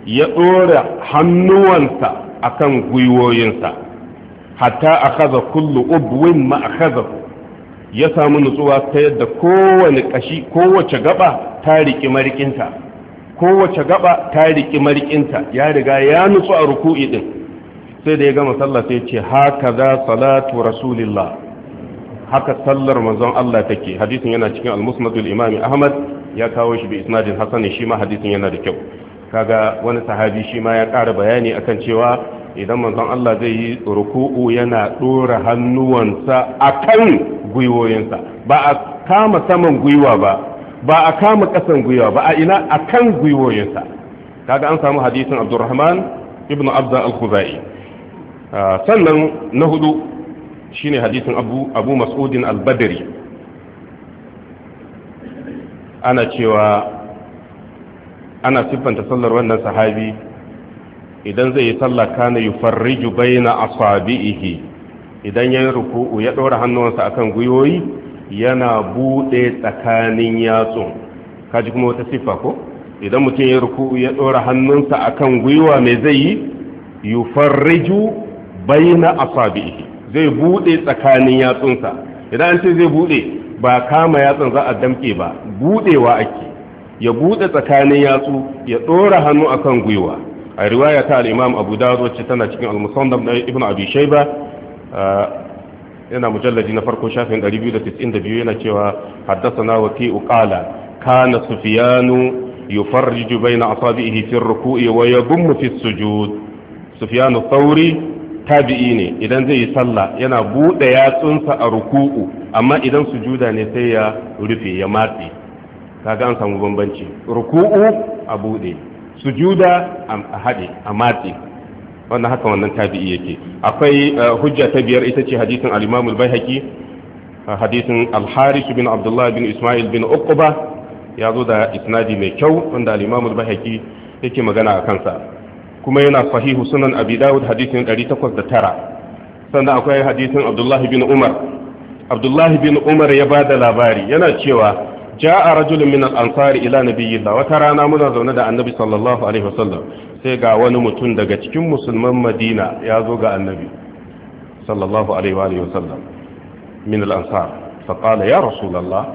Speaker 1: ya ɗora hannuwansa a kan gwiwoyinsa hatta a kaza kullu ubwin ma a ku? ya samu nutsuwa ta yadda kowane ƙashi kowace gaba ta riƙi marikinta kowace gaba ta riƙi marikinta ya riga ya nutsu a ruku'i din sai da ya gama sallah sai ce haka za salatu rasulillah haka sallar manzon Allah take hadisin yana cikin al-musnadul imami ahmad ya kawo shi bi isnadin hasan shi ma hadisin yana da kyau kaga wani sahabi shi ma ya ƙara bayani akan cewa idan manzon Allah zai yi ruku'u yana dora hannuwansa akan gwiwoyinsa ba a kama saman gwiwa ba ba a kama kasan gwiwa ba a ina akan gwiwoyinsa kaga an samu hadisin Abdurrahman ibn Abd al-Khuzai Ah, sannan na hudu shine hadisin abu abu mas'udin al-badri ana cewa ana siffanta sallar wannan sahabi idan zai yi sallah kana yufarriju baina asabihi idan yayin ruku'u ya dora hannuwansa akan guyoyi yana buɗe tsakanin yatsu kaji kuma wata siffa ko idan mutum ya ruku'u ya dora hannunsa akan gwiwa mai zai yi yufarriju baina asabihi zai bude tsakanin yatsunsa idan an ce zai bude ba kama yatsun za a damke ba budewa ake ya bude tsakanin yatsu ya dora hannu akan gwiwa a riwaya ta al-Imam Abu Dawud wacce tana cikin al-Musannaf da Ibn Abi Shayba ah, yana mujallaji na farko shafin 292 yana cewa haddathana waqi'u qala kana sufyanu yufarriju baina asabihi fi ar-ruku'i wa yadhummu fi as-sujud sufyanu thawri tabi'i ne idan zai yi sallah yana buɗe yatsunsa a ruku'u amma idan sujuda ne sai ya rufe ya matse kaga an samu bambanci ruku'u a buɗe sujuda a haɗe a matse wannan haka wannan tabi'i yake akwai eh, hujja ta biyar ita ce hadisin al-Imam al-Baihaqi eh, hadisin al-Harith bin Abdullah bin Isma'il bin Uqba ya zo da isnadi mai kyau wanda al-Imam al-Baihaqi yake magana a kansa kuma yana sahihu sunan abi dawud hadisin 809 sannan akwai hadisin abdullahi bin umar abdullahi bin umar ya ba da labari yana cewa ja'a rajulun min al-ansari ila nabiyillah wata rana muna zaune da annabi sallallahu alaihi wasallam sai ga wani mutum daga cikin musulman madina ya zo ga annabi sallallahu alaihi wasallam min al-ansar fa qala ya rasulullah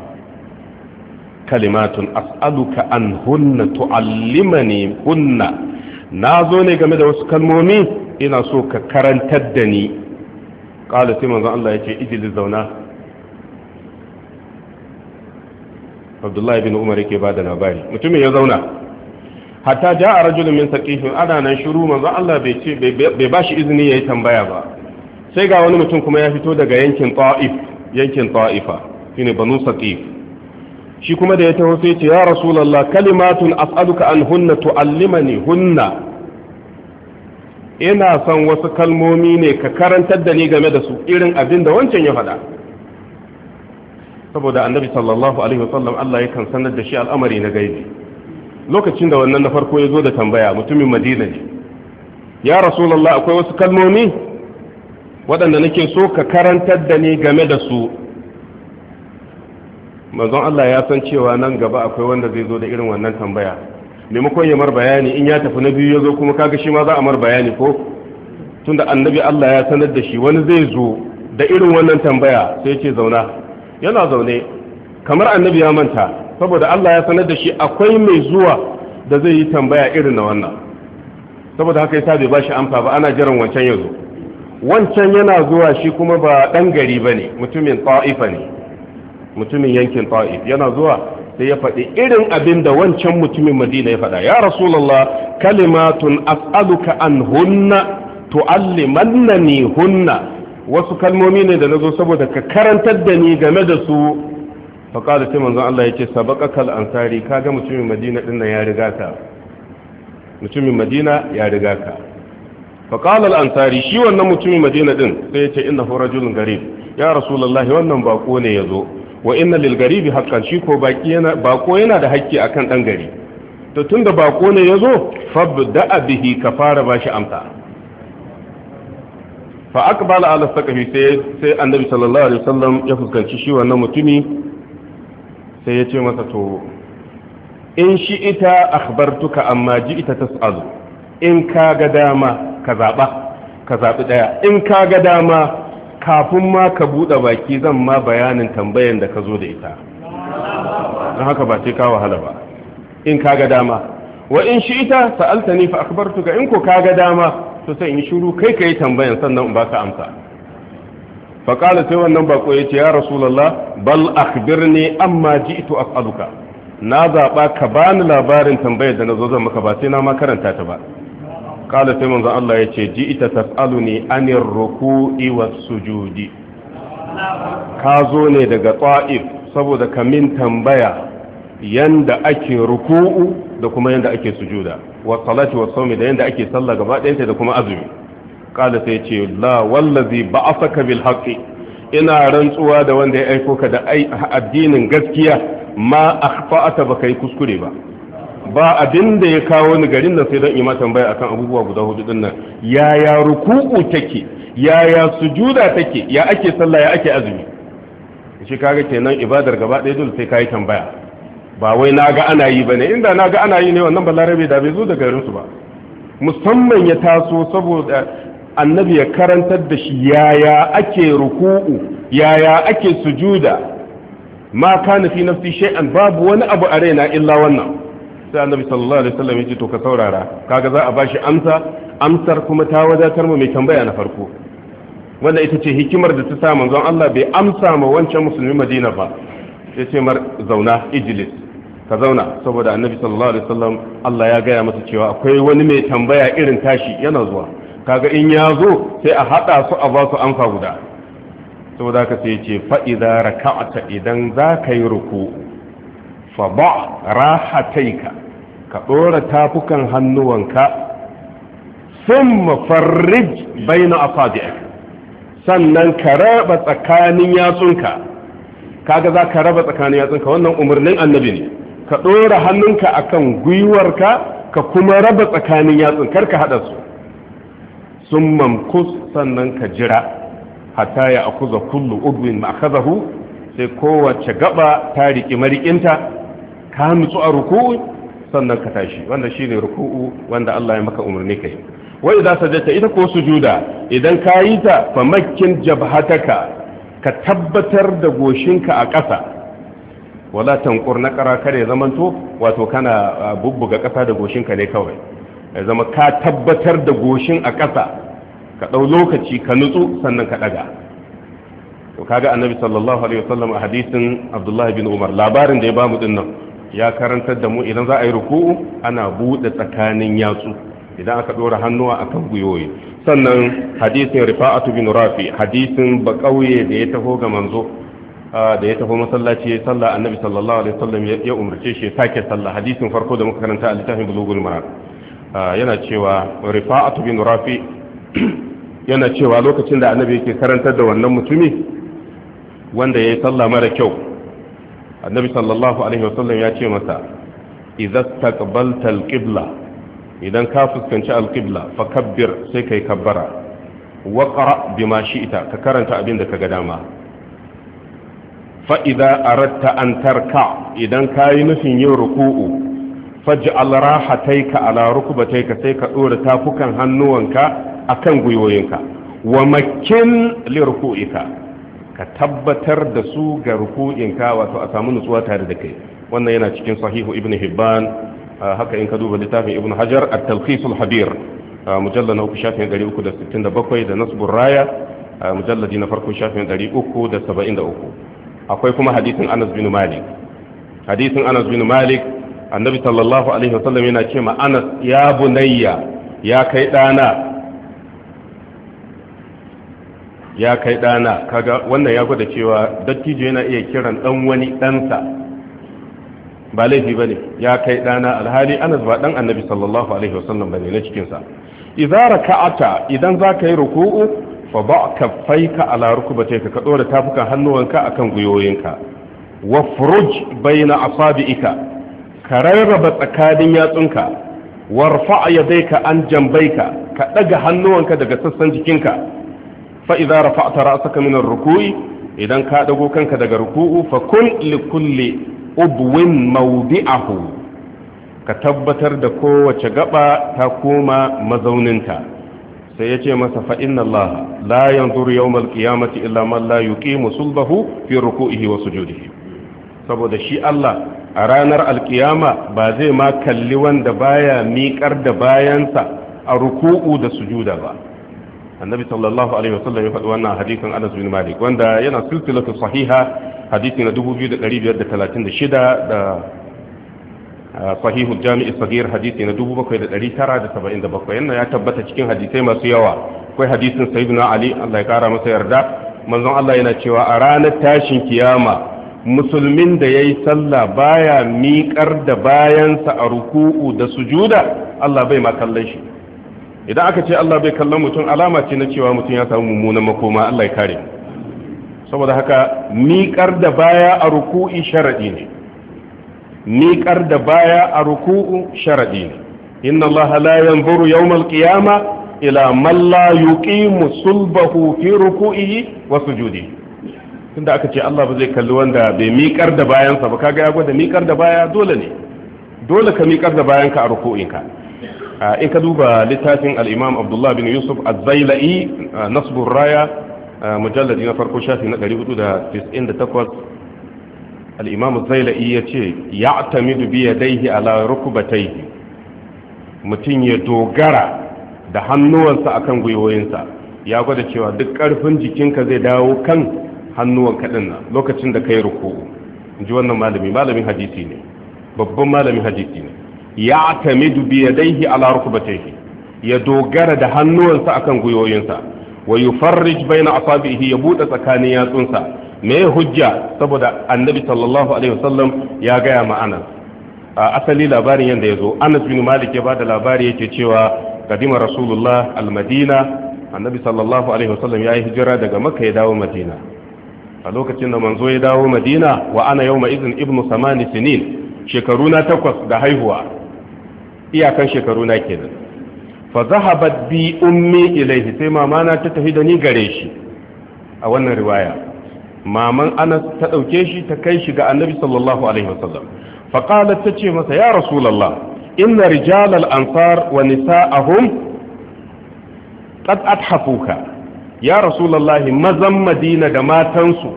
Speaker 1: kalimatun as'aluka an hunna tu'allimani hunna na zo ne game da wasu kalmomi ina so ka karantar da ni ƙala sai manzon Allah ya ce ijili zauna abdullahi bin umar yake ba da labari mutumin ya zauna hatta ja a rajulun min sarƙifin ana nan shiru manzon Allah bai ce ba shi izini ya yi tambaya ba sai ga wani mutum kuma ya fito daga yankin ta'if yankin ta'ifa banu shi kuma da ya taho sai ce ya rasulullah kalimatun as'aluka an hunna tu'allimani hunna ina son wasu kalmomi ne ka karantar da ni game da su irin abin da wancan ya faɗa saboda annabi sallallahu alaihi wasallam Allah yakan sanar da shi al'amari na gaibi lokacin da wannan na farko ya zo da tambaya mutumin madina ne ya rasulullah akwai wasu kalmomi waɗanda nake so ka karantar da ni game da su manzon Allah ya san cewa nan gaba akwai wanda zai zo da irin wannan tambaya maimakon ya mar bayani in ya tafi na biyu ya zo kuma kaga shi ma za a mar bayani ko tunda annabi Allah ya sanar da shi wani zai zo da irin wannan tambaya sai ce zauna yana zaune kamar annabi ya manta saboda Allah ya sanar da shi akwai mai zuwa da zai yi tambaya irin na wannan saboda haka yasa bai shi amfa ba ana jiran wancan ya zo wancan yana zuwa shi kuma ba dan gari bane mutumin ta'ifa ne mutumin yankin ta'if yana zuwa sai ya faɗi irin abin da wancan mutumin madina ya faɗa ya rasulullah kalimatun as'aluka an hunna ni hunna wasu kalmomi ne da nazo saboda ka karantar da ni game da su faqala sai manzon Allah yace sabaqakal ansari kaga mutumin madina din nan ya riga ka mutumin madina ya riga ka faqala al ansari shi wannan mutumin madina din sai yace innahu rajulun garib ya rasulullahi wannan bako ne yazo wa inna lil garibi haqqan shi ko baki yana bako yana da haƙƙi akan dan gari to tunda bako ne yazo fabda bihi ka fara bashi amsa fa aqbala ala saqafi sai sai annabi sallallahu alaihi wasallam ya fuskanci shi wannan mutumi sai ya ce masa to in shi ita akhbartuka amma ji ita tas'alu in ka ga dama ka zaba ka zabi daya in ka ga dama kafin ma ka buɗe baki zan ma bayanin tambayan da ka zo da ita don haka ba sai ka wahala ba in ka ga dama wa in shi ita sa'alta ni fa akhbartuka in ko ka ga dama to sai in shiru kai kai tambayan sannan in baka amsa fa qala sai wannan bako yace ya rasulullah bal akhbirni amma ji'tu as'aluka na zaba ka bani labarin tambayar da nazo zan maka ba sai na ma karanta ta ba kala sai manzo Allah ya ce ji ita tas'aluni anir ruku'i was sujudi ka zo ne daga ta'if saboda ka min tambaya yanda ake ruku'u da kuma yanda ake sujuda wa salati wa sawmi da yanda ake sallah gaba ɗayanta da kuma azumi kala sai ce la wallazi ba'asaka bil haqqi ina rantsuwa da wanda ya aiko ka da addinin gaskiya ma akhfa'ata baka yi kuskure ba ba abin da ya kawo ni garin nan sai don ima tambaya akan abubuwa guda hudu din nan yaya ruku'u take yaya sujuda take ya ake sallah ya ake azumi shi kaga kenan ibadar gaba ɗaya dole sai kayi tambaya ba wai na ga ana yi bane inda na ga ana yi ne wannan balarabe da bai zo da garin su ba musamman ya taso saboda annabi ya karantar da shi yaya ake ruku'u yaya ake sujuda ma kana fi nafsi shay'an babu wani abu a raina illa wannan sai annabi sallallahu alaihi wasallam yace to ka saurara kaga za a bashi amsa amsar kuma ta wadatar mu mai tambaya na farko wanda ita ce hikimar da ta sa manzon Allah bai amsa ma wancan musulmi Madina ba yace mar zauna ijlis ka zauna saboda annabi sallallahu alaihi wasallam Allah ya gaya masa cewa akwai wani mai tambaya irin tashi yana zuwa kaga in ya zo sai a hada su a ba su amsa guda saboda haka sai ce fa idza raka'ata idan za ka yi ruku' fada rahataika ka dora tafukan hannuwanka summa farrij baina asabi'ik sannan ka raba tsakanin yatsunka kaga za ka raba tsakanin yatsunka wannan umarnin annabi ne ka dora hannunka akan gwiwarka ka kuma raba tsakanin yatsun karka haɗa su sun mamkus sannan ka jira hata ya akuza kullu udwin ma'akazahu sai kowace gaba ta riƙi mariƙinta ka nutsu a ruku'u sannan ka tashi wanda shine ruku'u wanda Allah ya maka umarni kai wa idza sajjata ita ko sujuda idan ka yi ta fa makkin jabhataka ka tabbatar da goshinka a ƙasa wala tanqur na kara kare zamanto wato kana bubbuga ƙasa da goshinka ne kawai ya zama ka tabbatar da goshin a ƙasa ka ɗau lokaci ka nutsu sannan ka ɗaga to kaga annabi sallallahu alaihi wasallam a hadisin abdullahi bin umar labarin da ya bamu din nan ya karantar da mu idan za a yi ruku'u ana bude tsakanin yatsu idan aka ɗora hannuwa akan guyoyi sannan hadisin rifa'atu bin rafi hadisin ba da ya taho ga manzo da ya taho masallaci ya sallah annabi sallallahu alaihi wasallam ya umarce shi ya sake sallah hadisin farko da muka karanta a littafin bulugul mara, yana cewa rifa'atu bin rafi yana cewa lokacin da annabi yake karantar da wannan mutumi wanda ya yi sallah mara kyau annabi sallallahu alaihi wasallam ya ce masa idza taqbalta alqibla idan ka fuskanci alqibla fakabbir sai kai kabbara wa qra bima shi'ta ka karanta abin da kaga dama fa idza aradta an tarka idan kayi nufin yin ruku'u faj'al rahataika ala rukbataika sai ka dora tafukan hannuwanka akan gwiwoyinka wa makkin lirku'ika ka tabbatar da su ga ruku'inka wato a samu nutsuwa tare da kai wannan yana cikin sahihu ibn hibban haka in ka duba littafin ibn hajar at-talqisul habir mujallad na uku shafin 367 da nasbur raya mujalladi na farko shafin 373 akwai kuma hadisin anas bin malik hadisin anas bin malik annabi sallallahu alaihi wasallam yana ce ma anas ya bunayya ya kai dana ya kai ɗana kaga wannan ya gwada cewa dattijo yana iya kiran ɗan wani ɗansa ba laifi ba ne ya kai ɗana alhali anas ba ɗan annabi sallallahu alaihi wasallam ba ne na cikinsa idan raka'ata idan za ka yi ruku'u fa ba ka faika ala rukubate ka ka ɗora tafukan hannuwanka akan gwiwoyinka wa furuj bayna asabi'ika ka rarraba tsakanin yatsunka warfa yadayka an jambaika ka ɗaga hannuwanka daga sassan jikinka fa idza rafa'ta ra'saka min rukui idan ka dago kanka daga ruku'u fa kun li kulli ubwin mawdi'ahu ka tabbatar da kowace gaɓa ta koma mazauninta sai yace masa fa inna Allah la yanzuru yawmal illa man la yuqimu sulbahu fi ruku'ihi wa sujudihi saboda shi Allah a ranar alkiyama ba zai ma kalli wanda baya miƙar da bayansa a ruku'u da sujuda ba annabi sallallahu alaihi wasallam ya faɗi wannan hadisin Anas bin Malik wanda yana silsilatu sahiha hadisi na 2536 da sahihu jami'i sahih hadisi na 7977 yana ya tabbata cikin hadisai masu yawa akwai hadisin sayyidina Ali Allah ya kara yarda manzon Allah yana cewa a ranar tashin kiyama musulmin da ya yi sallah baya miƙar da bayansa a ruku'u da sujuda Allah bai ma kallon shi idan aka ce Allah bai kallon mutum alama ce na cewa mutum ya samu mummunan makoma Allah ya kare saboda haka miƙar da baya a ruku'i sharaɗi ne miƙar da baya a ruku'u sharaɗi ne inna Allah la yanzuru yawmal qiyama ila man la yuqimu sulbahu fi ruku'ihi wa sujudi tunda aka ce Allah ba zai kalli wanda bai miƙar da bayansa ba kaga ya gwada miƙar da baya dole ne dole ka miƙar da bayanka a ruku'inka Ah, in ka duba littafin al'imam abdullah bin yusuf az-zailai ah, nasbur raya ah, mujalladi na farko shafi na 498 al-imam az-zailai yace ya'tamidu bi daihi ala rukbatayhi Mutum ya dogara da hannuwansa akan gwiwoyinsa ya gwada cewa duk karfin jikinka zai dawo kan hannuwan kaɗin nan lokacin da kai ruku ji wannan malami malamin hadisi ne babban malamin hadisi ne ya tamidu biyadaihi ala rukbatayhi ya dogara da hannuwansa akan guyoyinsa wa yufarrij baina asabihi ya bude tsakanin yatsunsa me hujja saboda annabi sallallahu alaihi wasallam ya gaya ma'ana a asali labarin ya zo anas bin malik ya bada labari yake cewa kadima rasulullah almadina annabi sallallahu alaihi wasallam ya yi hijira daga makka ya dawo madina a lokacin da manzo ya dawo madina wa ana ma izin ibnu samani sinin shekaru na takwas da haihuwa iyakan shekaru na kenan fa zahabat bi ummi ilaihi sai mama na ta tafi da ni gare shi a wannan riwaya maman Anas ta dauke shi ta kai shi ga Annabi sallallahu alaihi wasallam fa qalat ce masa ya rasulullah inna rijalal ansar wa nisa'ahum qad athafuka ya rasulullah mazan madina da matansu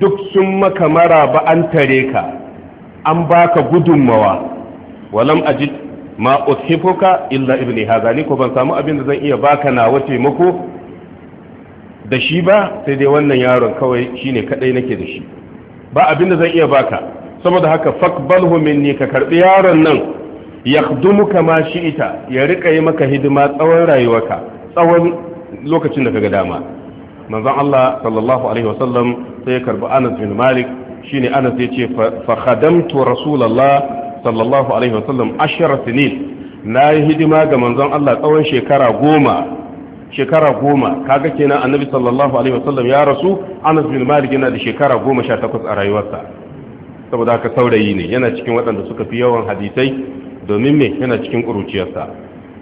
Speaker 1: duk sun maka maraba an tare ka an baka gudunmawa walam ajid ma ushifuka illa ibni hadha ni ko ban samu abin da zan iya baka nawa taimako da shi ba sai dai wannan yaron kawai shine kadai nake da shi ba abin da zan iya baka saboda haka faqbalhu minni ka karbi yaron nan yakhdumuka ma shi'ita ya rika yi maka hidima tsawon rayuwarka tsawon lokacin da kaga dama manzon Allah sallallahu alaihi wasallam sai ya karbi Anas bin Malik shine Anas yace fa khadamtu rasulullah sallallahu alaihi wasallam ashirar sinin na yi hidima ga manzon Allah tsawon shekara goma shekara goma kaga kenan annabi sallallahu alaihi wasallam ya rasu Anas bin Malik yana da shekara goma sha takwas a rayuwarsa saboda haka saurayi ne yana cikin waɗanda suka fi yawan hadisai domin me yana cikin ƙuruciyarsa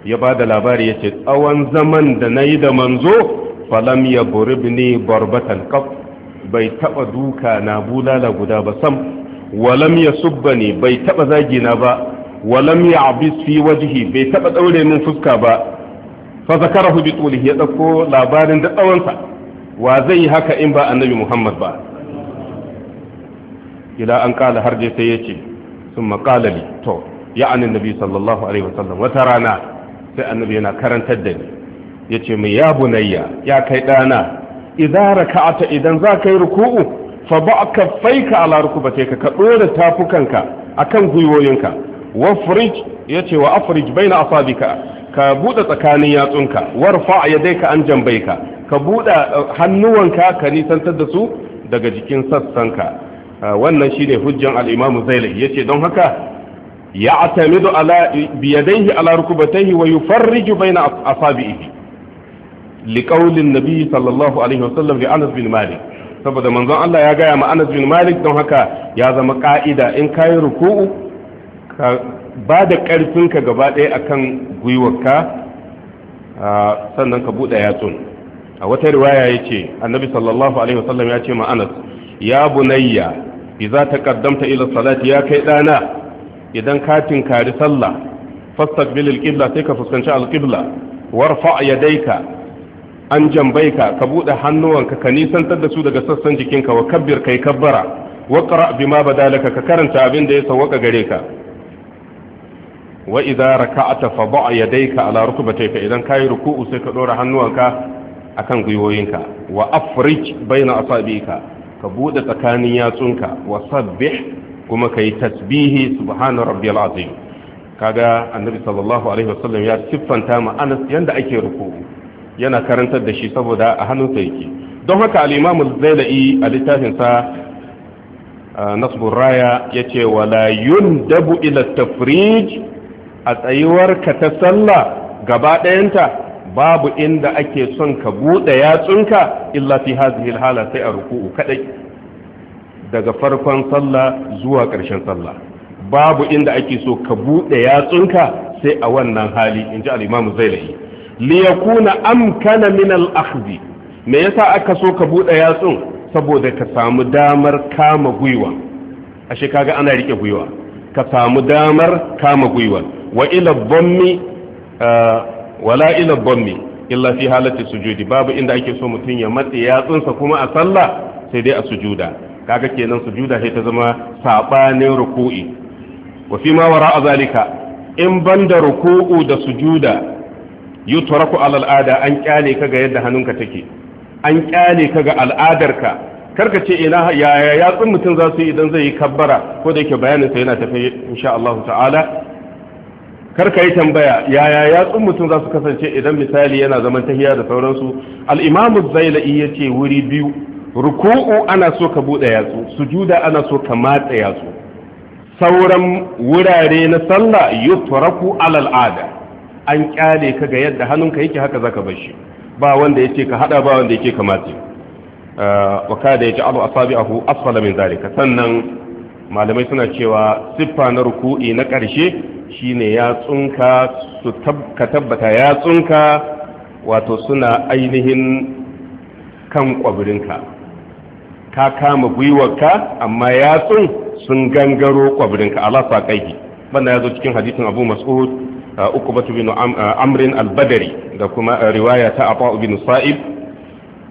Speaker 1: ya ba da labari ya ce tsawon zaman da na yi da manzo falam ya buribni barbatan kaf bai taɓa duka na bulala guda ba sam walam ya subbani bai taba zagina ba walam ya abis fi wajihi bai taba daure min fuska ba fa zakarahu bi ya dauko labarin da tsawonsa wa zai yi haka in ba annabi muhammad ba ila an kala har je sai yace sun maƙala li to ya anin nabi sallallahu alaihi wasallam wata rana sai annabi yana karantar da ni yace mai ya bunayya ya kai dana idza raka'ata idan za ka yi ruku'u fa ba ka faika ala rukubatayka ka dora tafukanka akan gwiwoyinka wa frij yace wa afrij baina asabika ka buɗe tsakanin yatsunka warfa yadayka an jambayka ka buɗe uh, hannuwanka ka nisantar da su daga jikin sassanka uh, wannan shine hujjan al-imamu Ya yace don haka ya'tamidu ala biyadayhi ala rukubatayhi wa yufarriju baina asabihi liqawli nabi sallallahu alaihi wasallam li Anas bin Malik saboda manzon Allah ya gaya ma Anas bin Malik don haka ya zama ka'ida in kayi ruku'u ka ba da ƙarfinka gaba ɗaya akan gwiwarka sannan ka buɗe yatsun a wata riwaya yace annabi sallallahu alaihi wasallam ya ce ma Anas ya bunayya ta kaddamta ila salati ya kai dana idan ka tinkari sallah fastaqbil alqibla sai ka fuskanci alqibla warfa yadayka an jambaika ka buɗe hannuwanka ka nisantar da su daga sassan jikinka wa kabbir kai kabbara wa qra bima badalaka ka karanta abin da ya sawwaka gare ka wa idza raka'ata fa a yadayka ala rukbatayka idan kai ruku'u sai ka dora hannuwanka akan gwiwoyinka wa afrij baina asabika ka buɗe tsakanin yatsunka wa sabbih kuma kai tasbihi subhana rabbiyal azim kaga annabi sallallahu alaihi wasallam ya siffanta ma Anas yanda ake ruku'u yana karantar da shi saboda a hannunsa yake don haka al zailai a littafinsa nasbun raya ya ce wala yun dabu ila tafrij a ka ta sallah gaba ɗayanta babu inda ake son ka buɗe yatsunka illa fi hazihi hala sai a ruku'u kadai daga farkon sallah zuwa ƙarshen sallah babu inda ake so ka buɗe yatsunka sai a wannan hali in ji al'imamu zaila'i liyakuna amkana min al me yasa aka so ka bude yatsun saboda ka samu damar kama gwiwa ashe kaga ana rike gwiwa ka samu damar kama gwiwa wa ila dhammi eh, wala ila dhammi illa fi halati sujudi babu inda ake so mutum ya matse yatsunsa kuma a sallah sai dai a sujuda kaga kenan sujuda sai ta zama sabanin ruku'i wa fi ma wara'a zalika in banda ruku'u da sujuda yutraku alal ada an kyale ka ga yadda hannunka take an kyale ka ga al'adarka karka ce ina yaya yatsun mutum za su yi idan zai yi kabbara ko da yake bayanin sa yana tafi insha Allah ta'ala karka yi tambaya yaya yatsun mutum za su kasance idan misali yana zaman tahiya da sauransu al-imamu zailai yace wuri biyu ruku'u ana so ka bude yatsu sujuda ana so ka matsa yatsu sauran wurare na sallah yutraku al'ada ada an kyale ka ga yadda hannunka yake haka zaka bar shi ba wanda yake ka hada ba wanda yake ka matse uh, wa da yake abu asabi'ahu asfala min zalika sannan malamai suna cewa siffa na ruku'i na karshe shine ya tsunka su ka tabbata ya tsunka wato suna ainihin kan kwabirinka ka kama gwiwarka amma ya tsun sun gangaro kwabirinka ala saƙaihi banda ya zo cikin hadisin abu mas'ud uqbatu bin amrin al-badri da kuma riwaya ta afa bin sa'ib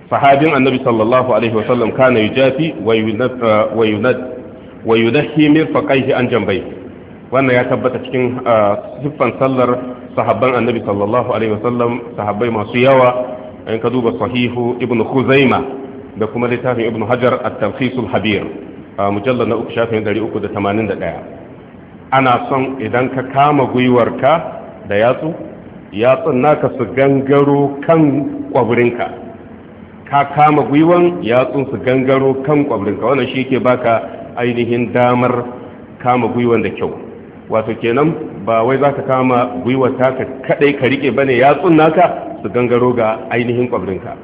Speaker 1: sahabin annabi sallallahu alaihi wasallam kana yujafi wa yunad wa yunad wa yunahi mirfaqaihi an jambai wannan ya tabbata cikin siffan sallar sahabban annabi sallallahu alaihi wasallam sahabbai masu yawa in ka duba sahihu ibn khuzaima da kuma littafin ibn hajar at-tafsir al-habir mujallal na uku shafin 381 ana son idan ka kama gwiwarka da yatsu yatsun naka su gangaro kan kwaburinka ka kama gwiwan yatsun su gangaro kan kwaburinka wannan shi ke baka ainihin damar kama gwiwan da kyau wato kenan ba wai za ka kama gwiwar taka kadai ka rike bane yatsun naka su gangaro ga ainihin kwaburinka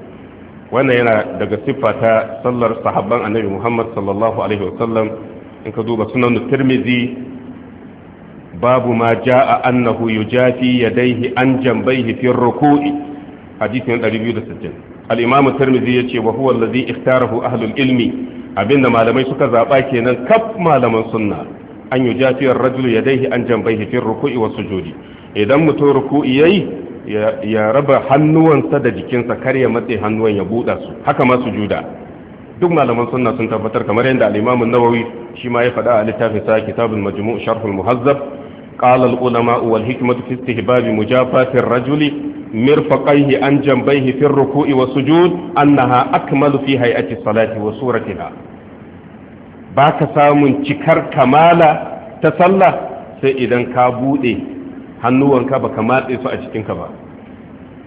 Speaker 1: wannan yana daga siffa ta sallar sahabban annabi muhammad sallallahu alaihi wasallam in ka duba sunan tirmidhi babu ma a annahu ya yadayhi an jambayhi fi ruku'i hadisin 260 al-imam tirmidhi yace wa huwa alladhi ikhtarahu ahlul ilmi abinda malamai suka zaba kenan kaf malaman sunna an yujafi ar-rajulu yadayhi an jambayhi fi ruku'i was sujudi idan mutum ruku'i yayi ya raba hannuwansa da jikinsa kar ya matse hannuwan ya buɗa su haka ma sujuda duk malaman sunna sun tabbatar kamar yadda al-Imam an-Nawawi shi ma ya faɗa a littafin sa Kitabul Majmu' Sharh al-Muhazzab قال العلماء والحكمة في استحباب مجافاة الرجل مرفقيه عن جنبيه في الركوع والسجود أنها أكمل في هيئة الصلاة وصورتها باك سامن cikar kamala ta sallah sai idan ka bude hannuwanka ba ka su a ba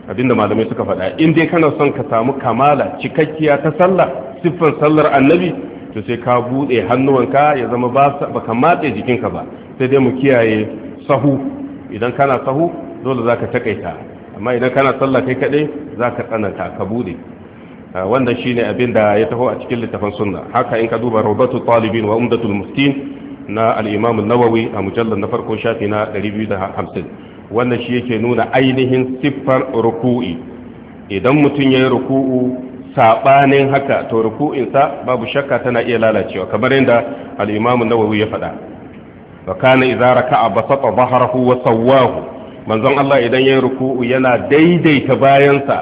Speaker 1: abinda malamai suka faɗa in dai kana son ka samu kamala cikakkiya ta sallah siffan sallar annabi to sai ka bude hannuwanka ya zama ba ka matse jikinka ba sai dai mu kiyaye sahu idan kana sahu dole za ka takaita amma idan kana sallah kai kaɗai za ka tsananta ka bude ah, wanda shi ne abin da ya taho a cikin littafin sunna haka in ka duba rubatu talibin wa muskin na al-imam nawawi a mujallar na farko shafi na 250 wannan shi yake nuna ainihin siffar ruku'i idan mutum ya yi ruku'u saɓanin haka to ruku'insa babu shakka tana iya lalacewa kamar yadda al-imam nawawi ya faɗa wa kana idza raka'a basata dhahrahu wa sawwahu manzon Allah idan yayin ruku'u yana daidaita bayansa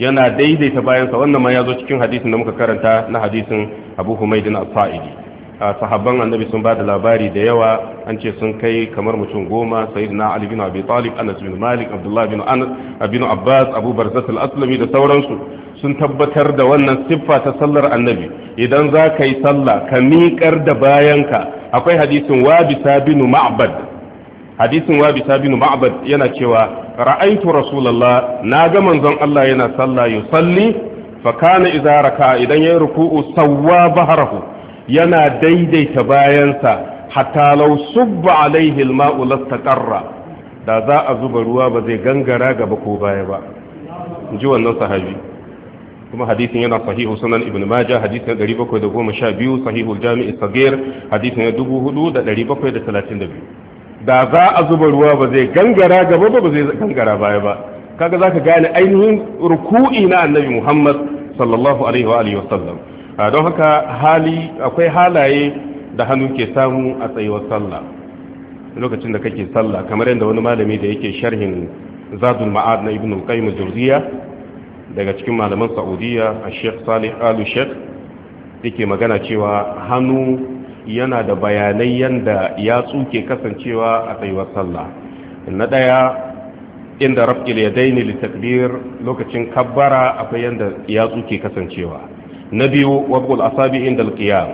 Speaker 1: yana daidaita bayansa wannan ma yazo cikin hadisin da muka karanta na hadisin Abu Humayd al-Sa'idi sahabban annabi sun bada labari da yawa an ce sun kai kamar mutum goma sayyidina Ali bin Abi Talib Anas bin Malik Abdullah bin Anas bin Abbas Abu Barzat al-Aslami da sauransu sun tabbatar da wannan siffa ta sallar annabi idan za ka yi sallah ka miƙar da bayanka akwai hadisin wabisa bin ma'bad hadisin wabisa bin ma'bad yana cewa ra'aitu rasulullah na ga manzon Allah yana sallah yusalli fa kana idza raka idan yayi ruku'u sawwa bahrahu yana daidaita bayansa hatta law subba alaihi alma'u lastaqarra da za a zuba ruwa ba zai gangara gaba ko baya ba ji wannan sahabi kuma hadisin yana sahihu sunan ibn majah hadisin 712 sahihu jami'i sagir hadisin 4732 da za a zuba ruwa ba zai gangara gaba ba zai gangara baya ba kaga zaka gane ainihin ruku'i na annabi muhammad sallallahu alaihi wa alihi wasallam don haka hali akwai halaye da hannu ke samu a tsayuwar sallah lokacin da kake sallah kamar yadda wani malami da yake sharhin zadul ma'ad na ibn qayyim jawziya daga cikin malaman saudiya a sheikh salih alu sheikh yake magana cewa hannu yana da bayanai yadda ya tsuke kasancewa a tsayuwar sallah na daya inda raf'il daini litakbir lokacin kabbara akwai yadda ya tsuke kasancewa na biyu wabgul asabi inda alqiyam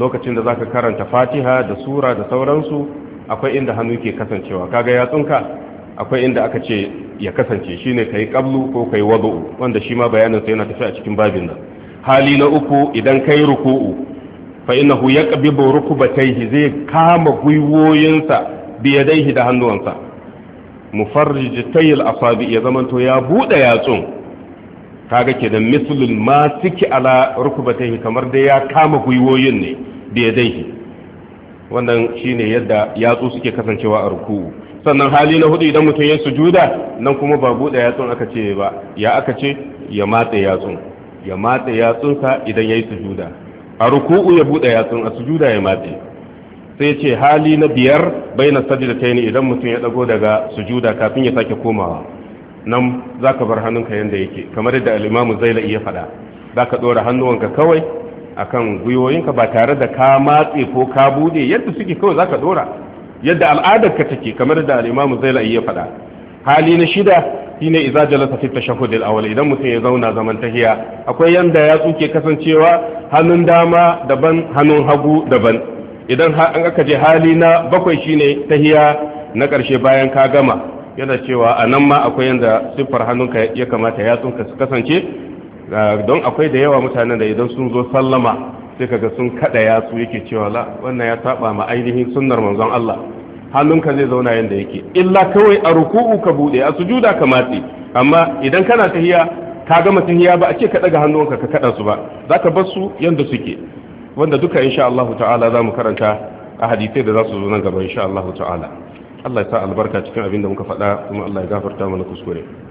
Speaker 1: lokacin da zaka karanta fatiha da sura da sauransu akwai inda hannu ke kasancewa kaga yatsunka akwai inda aka ce ya kasance shine kai qablu ko kai wadu wanda shi ma bayanin sa yana tafi a cikin babin nan hali na uku idan kai ruku'u fa innahu yaqbibu rukubatayhi zai kama gwiwoyinsa bi da hannuwansa mufarrij tayil asabi ya zamanto ya bude yatsun kaga kidan mislul masiki ala rukubatayhi kamar dai ya kama gwiwoyin ne bi wannan shine yadda yatsu suke kasancewa a ruku'u sannan hali na hudu idan mutum ya sujuda nan kuma ba buɗe yatsun aka ce ba ya aka ce ya matse yatsun ya matse yatsunsa idan ya yi sujuda a ruku'u ya buɗe yatsun a sujuda ya matse sai ce hali na biyar bai na sajidataini idan mutum ya dago daga sujuda kafin ya sake komawa nan za ka bar hannunka yadda yake kamar yadda al-imamu zaila iya faɗa zaka dora ɗora hannuwanka kawai akan gwiwoyinka ba tare da ka matse ko ka buɗe yadda suke kawai zaka dora yadda al'adar ka take kamar da al zai zailai ya faɗa hali na shida shine idza jalasa fi tashahhud al-awwal idan mutum ya zauna zaman tahiya akwai yanda ya tsuke kasancewa hannun dama daban hannun hagu daban idan an aka je hali na bakwai shine tahiya na karshe bayan ka gama yana cewa a nan ma akwai yanda siffar hannunka ya kamata yatsunka su kasance don akwai da yawa mutanen da idan sun zo sallama sai kaga sun kada su yake cewa la wannan ya saba ma ainihin sunnar manzon Allah hannunka zai zauna yanda yake illa kawai a ruku'u ka bude a sujuda ka matse amma idan kana tahiya ka gama tahiya ba a ce ka daga ka kada su ba zaka bar su yanda suke wanda duka insha Allah ta'ala zamu karanta a hadisai da za su zo nan gaba insha Allah ta'ala Allah ya sa albarka cikin abin da muka faɗa kuma Allah ya gafarta mana kuskure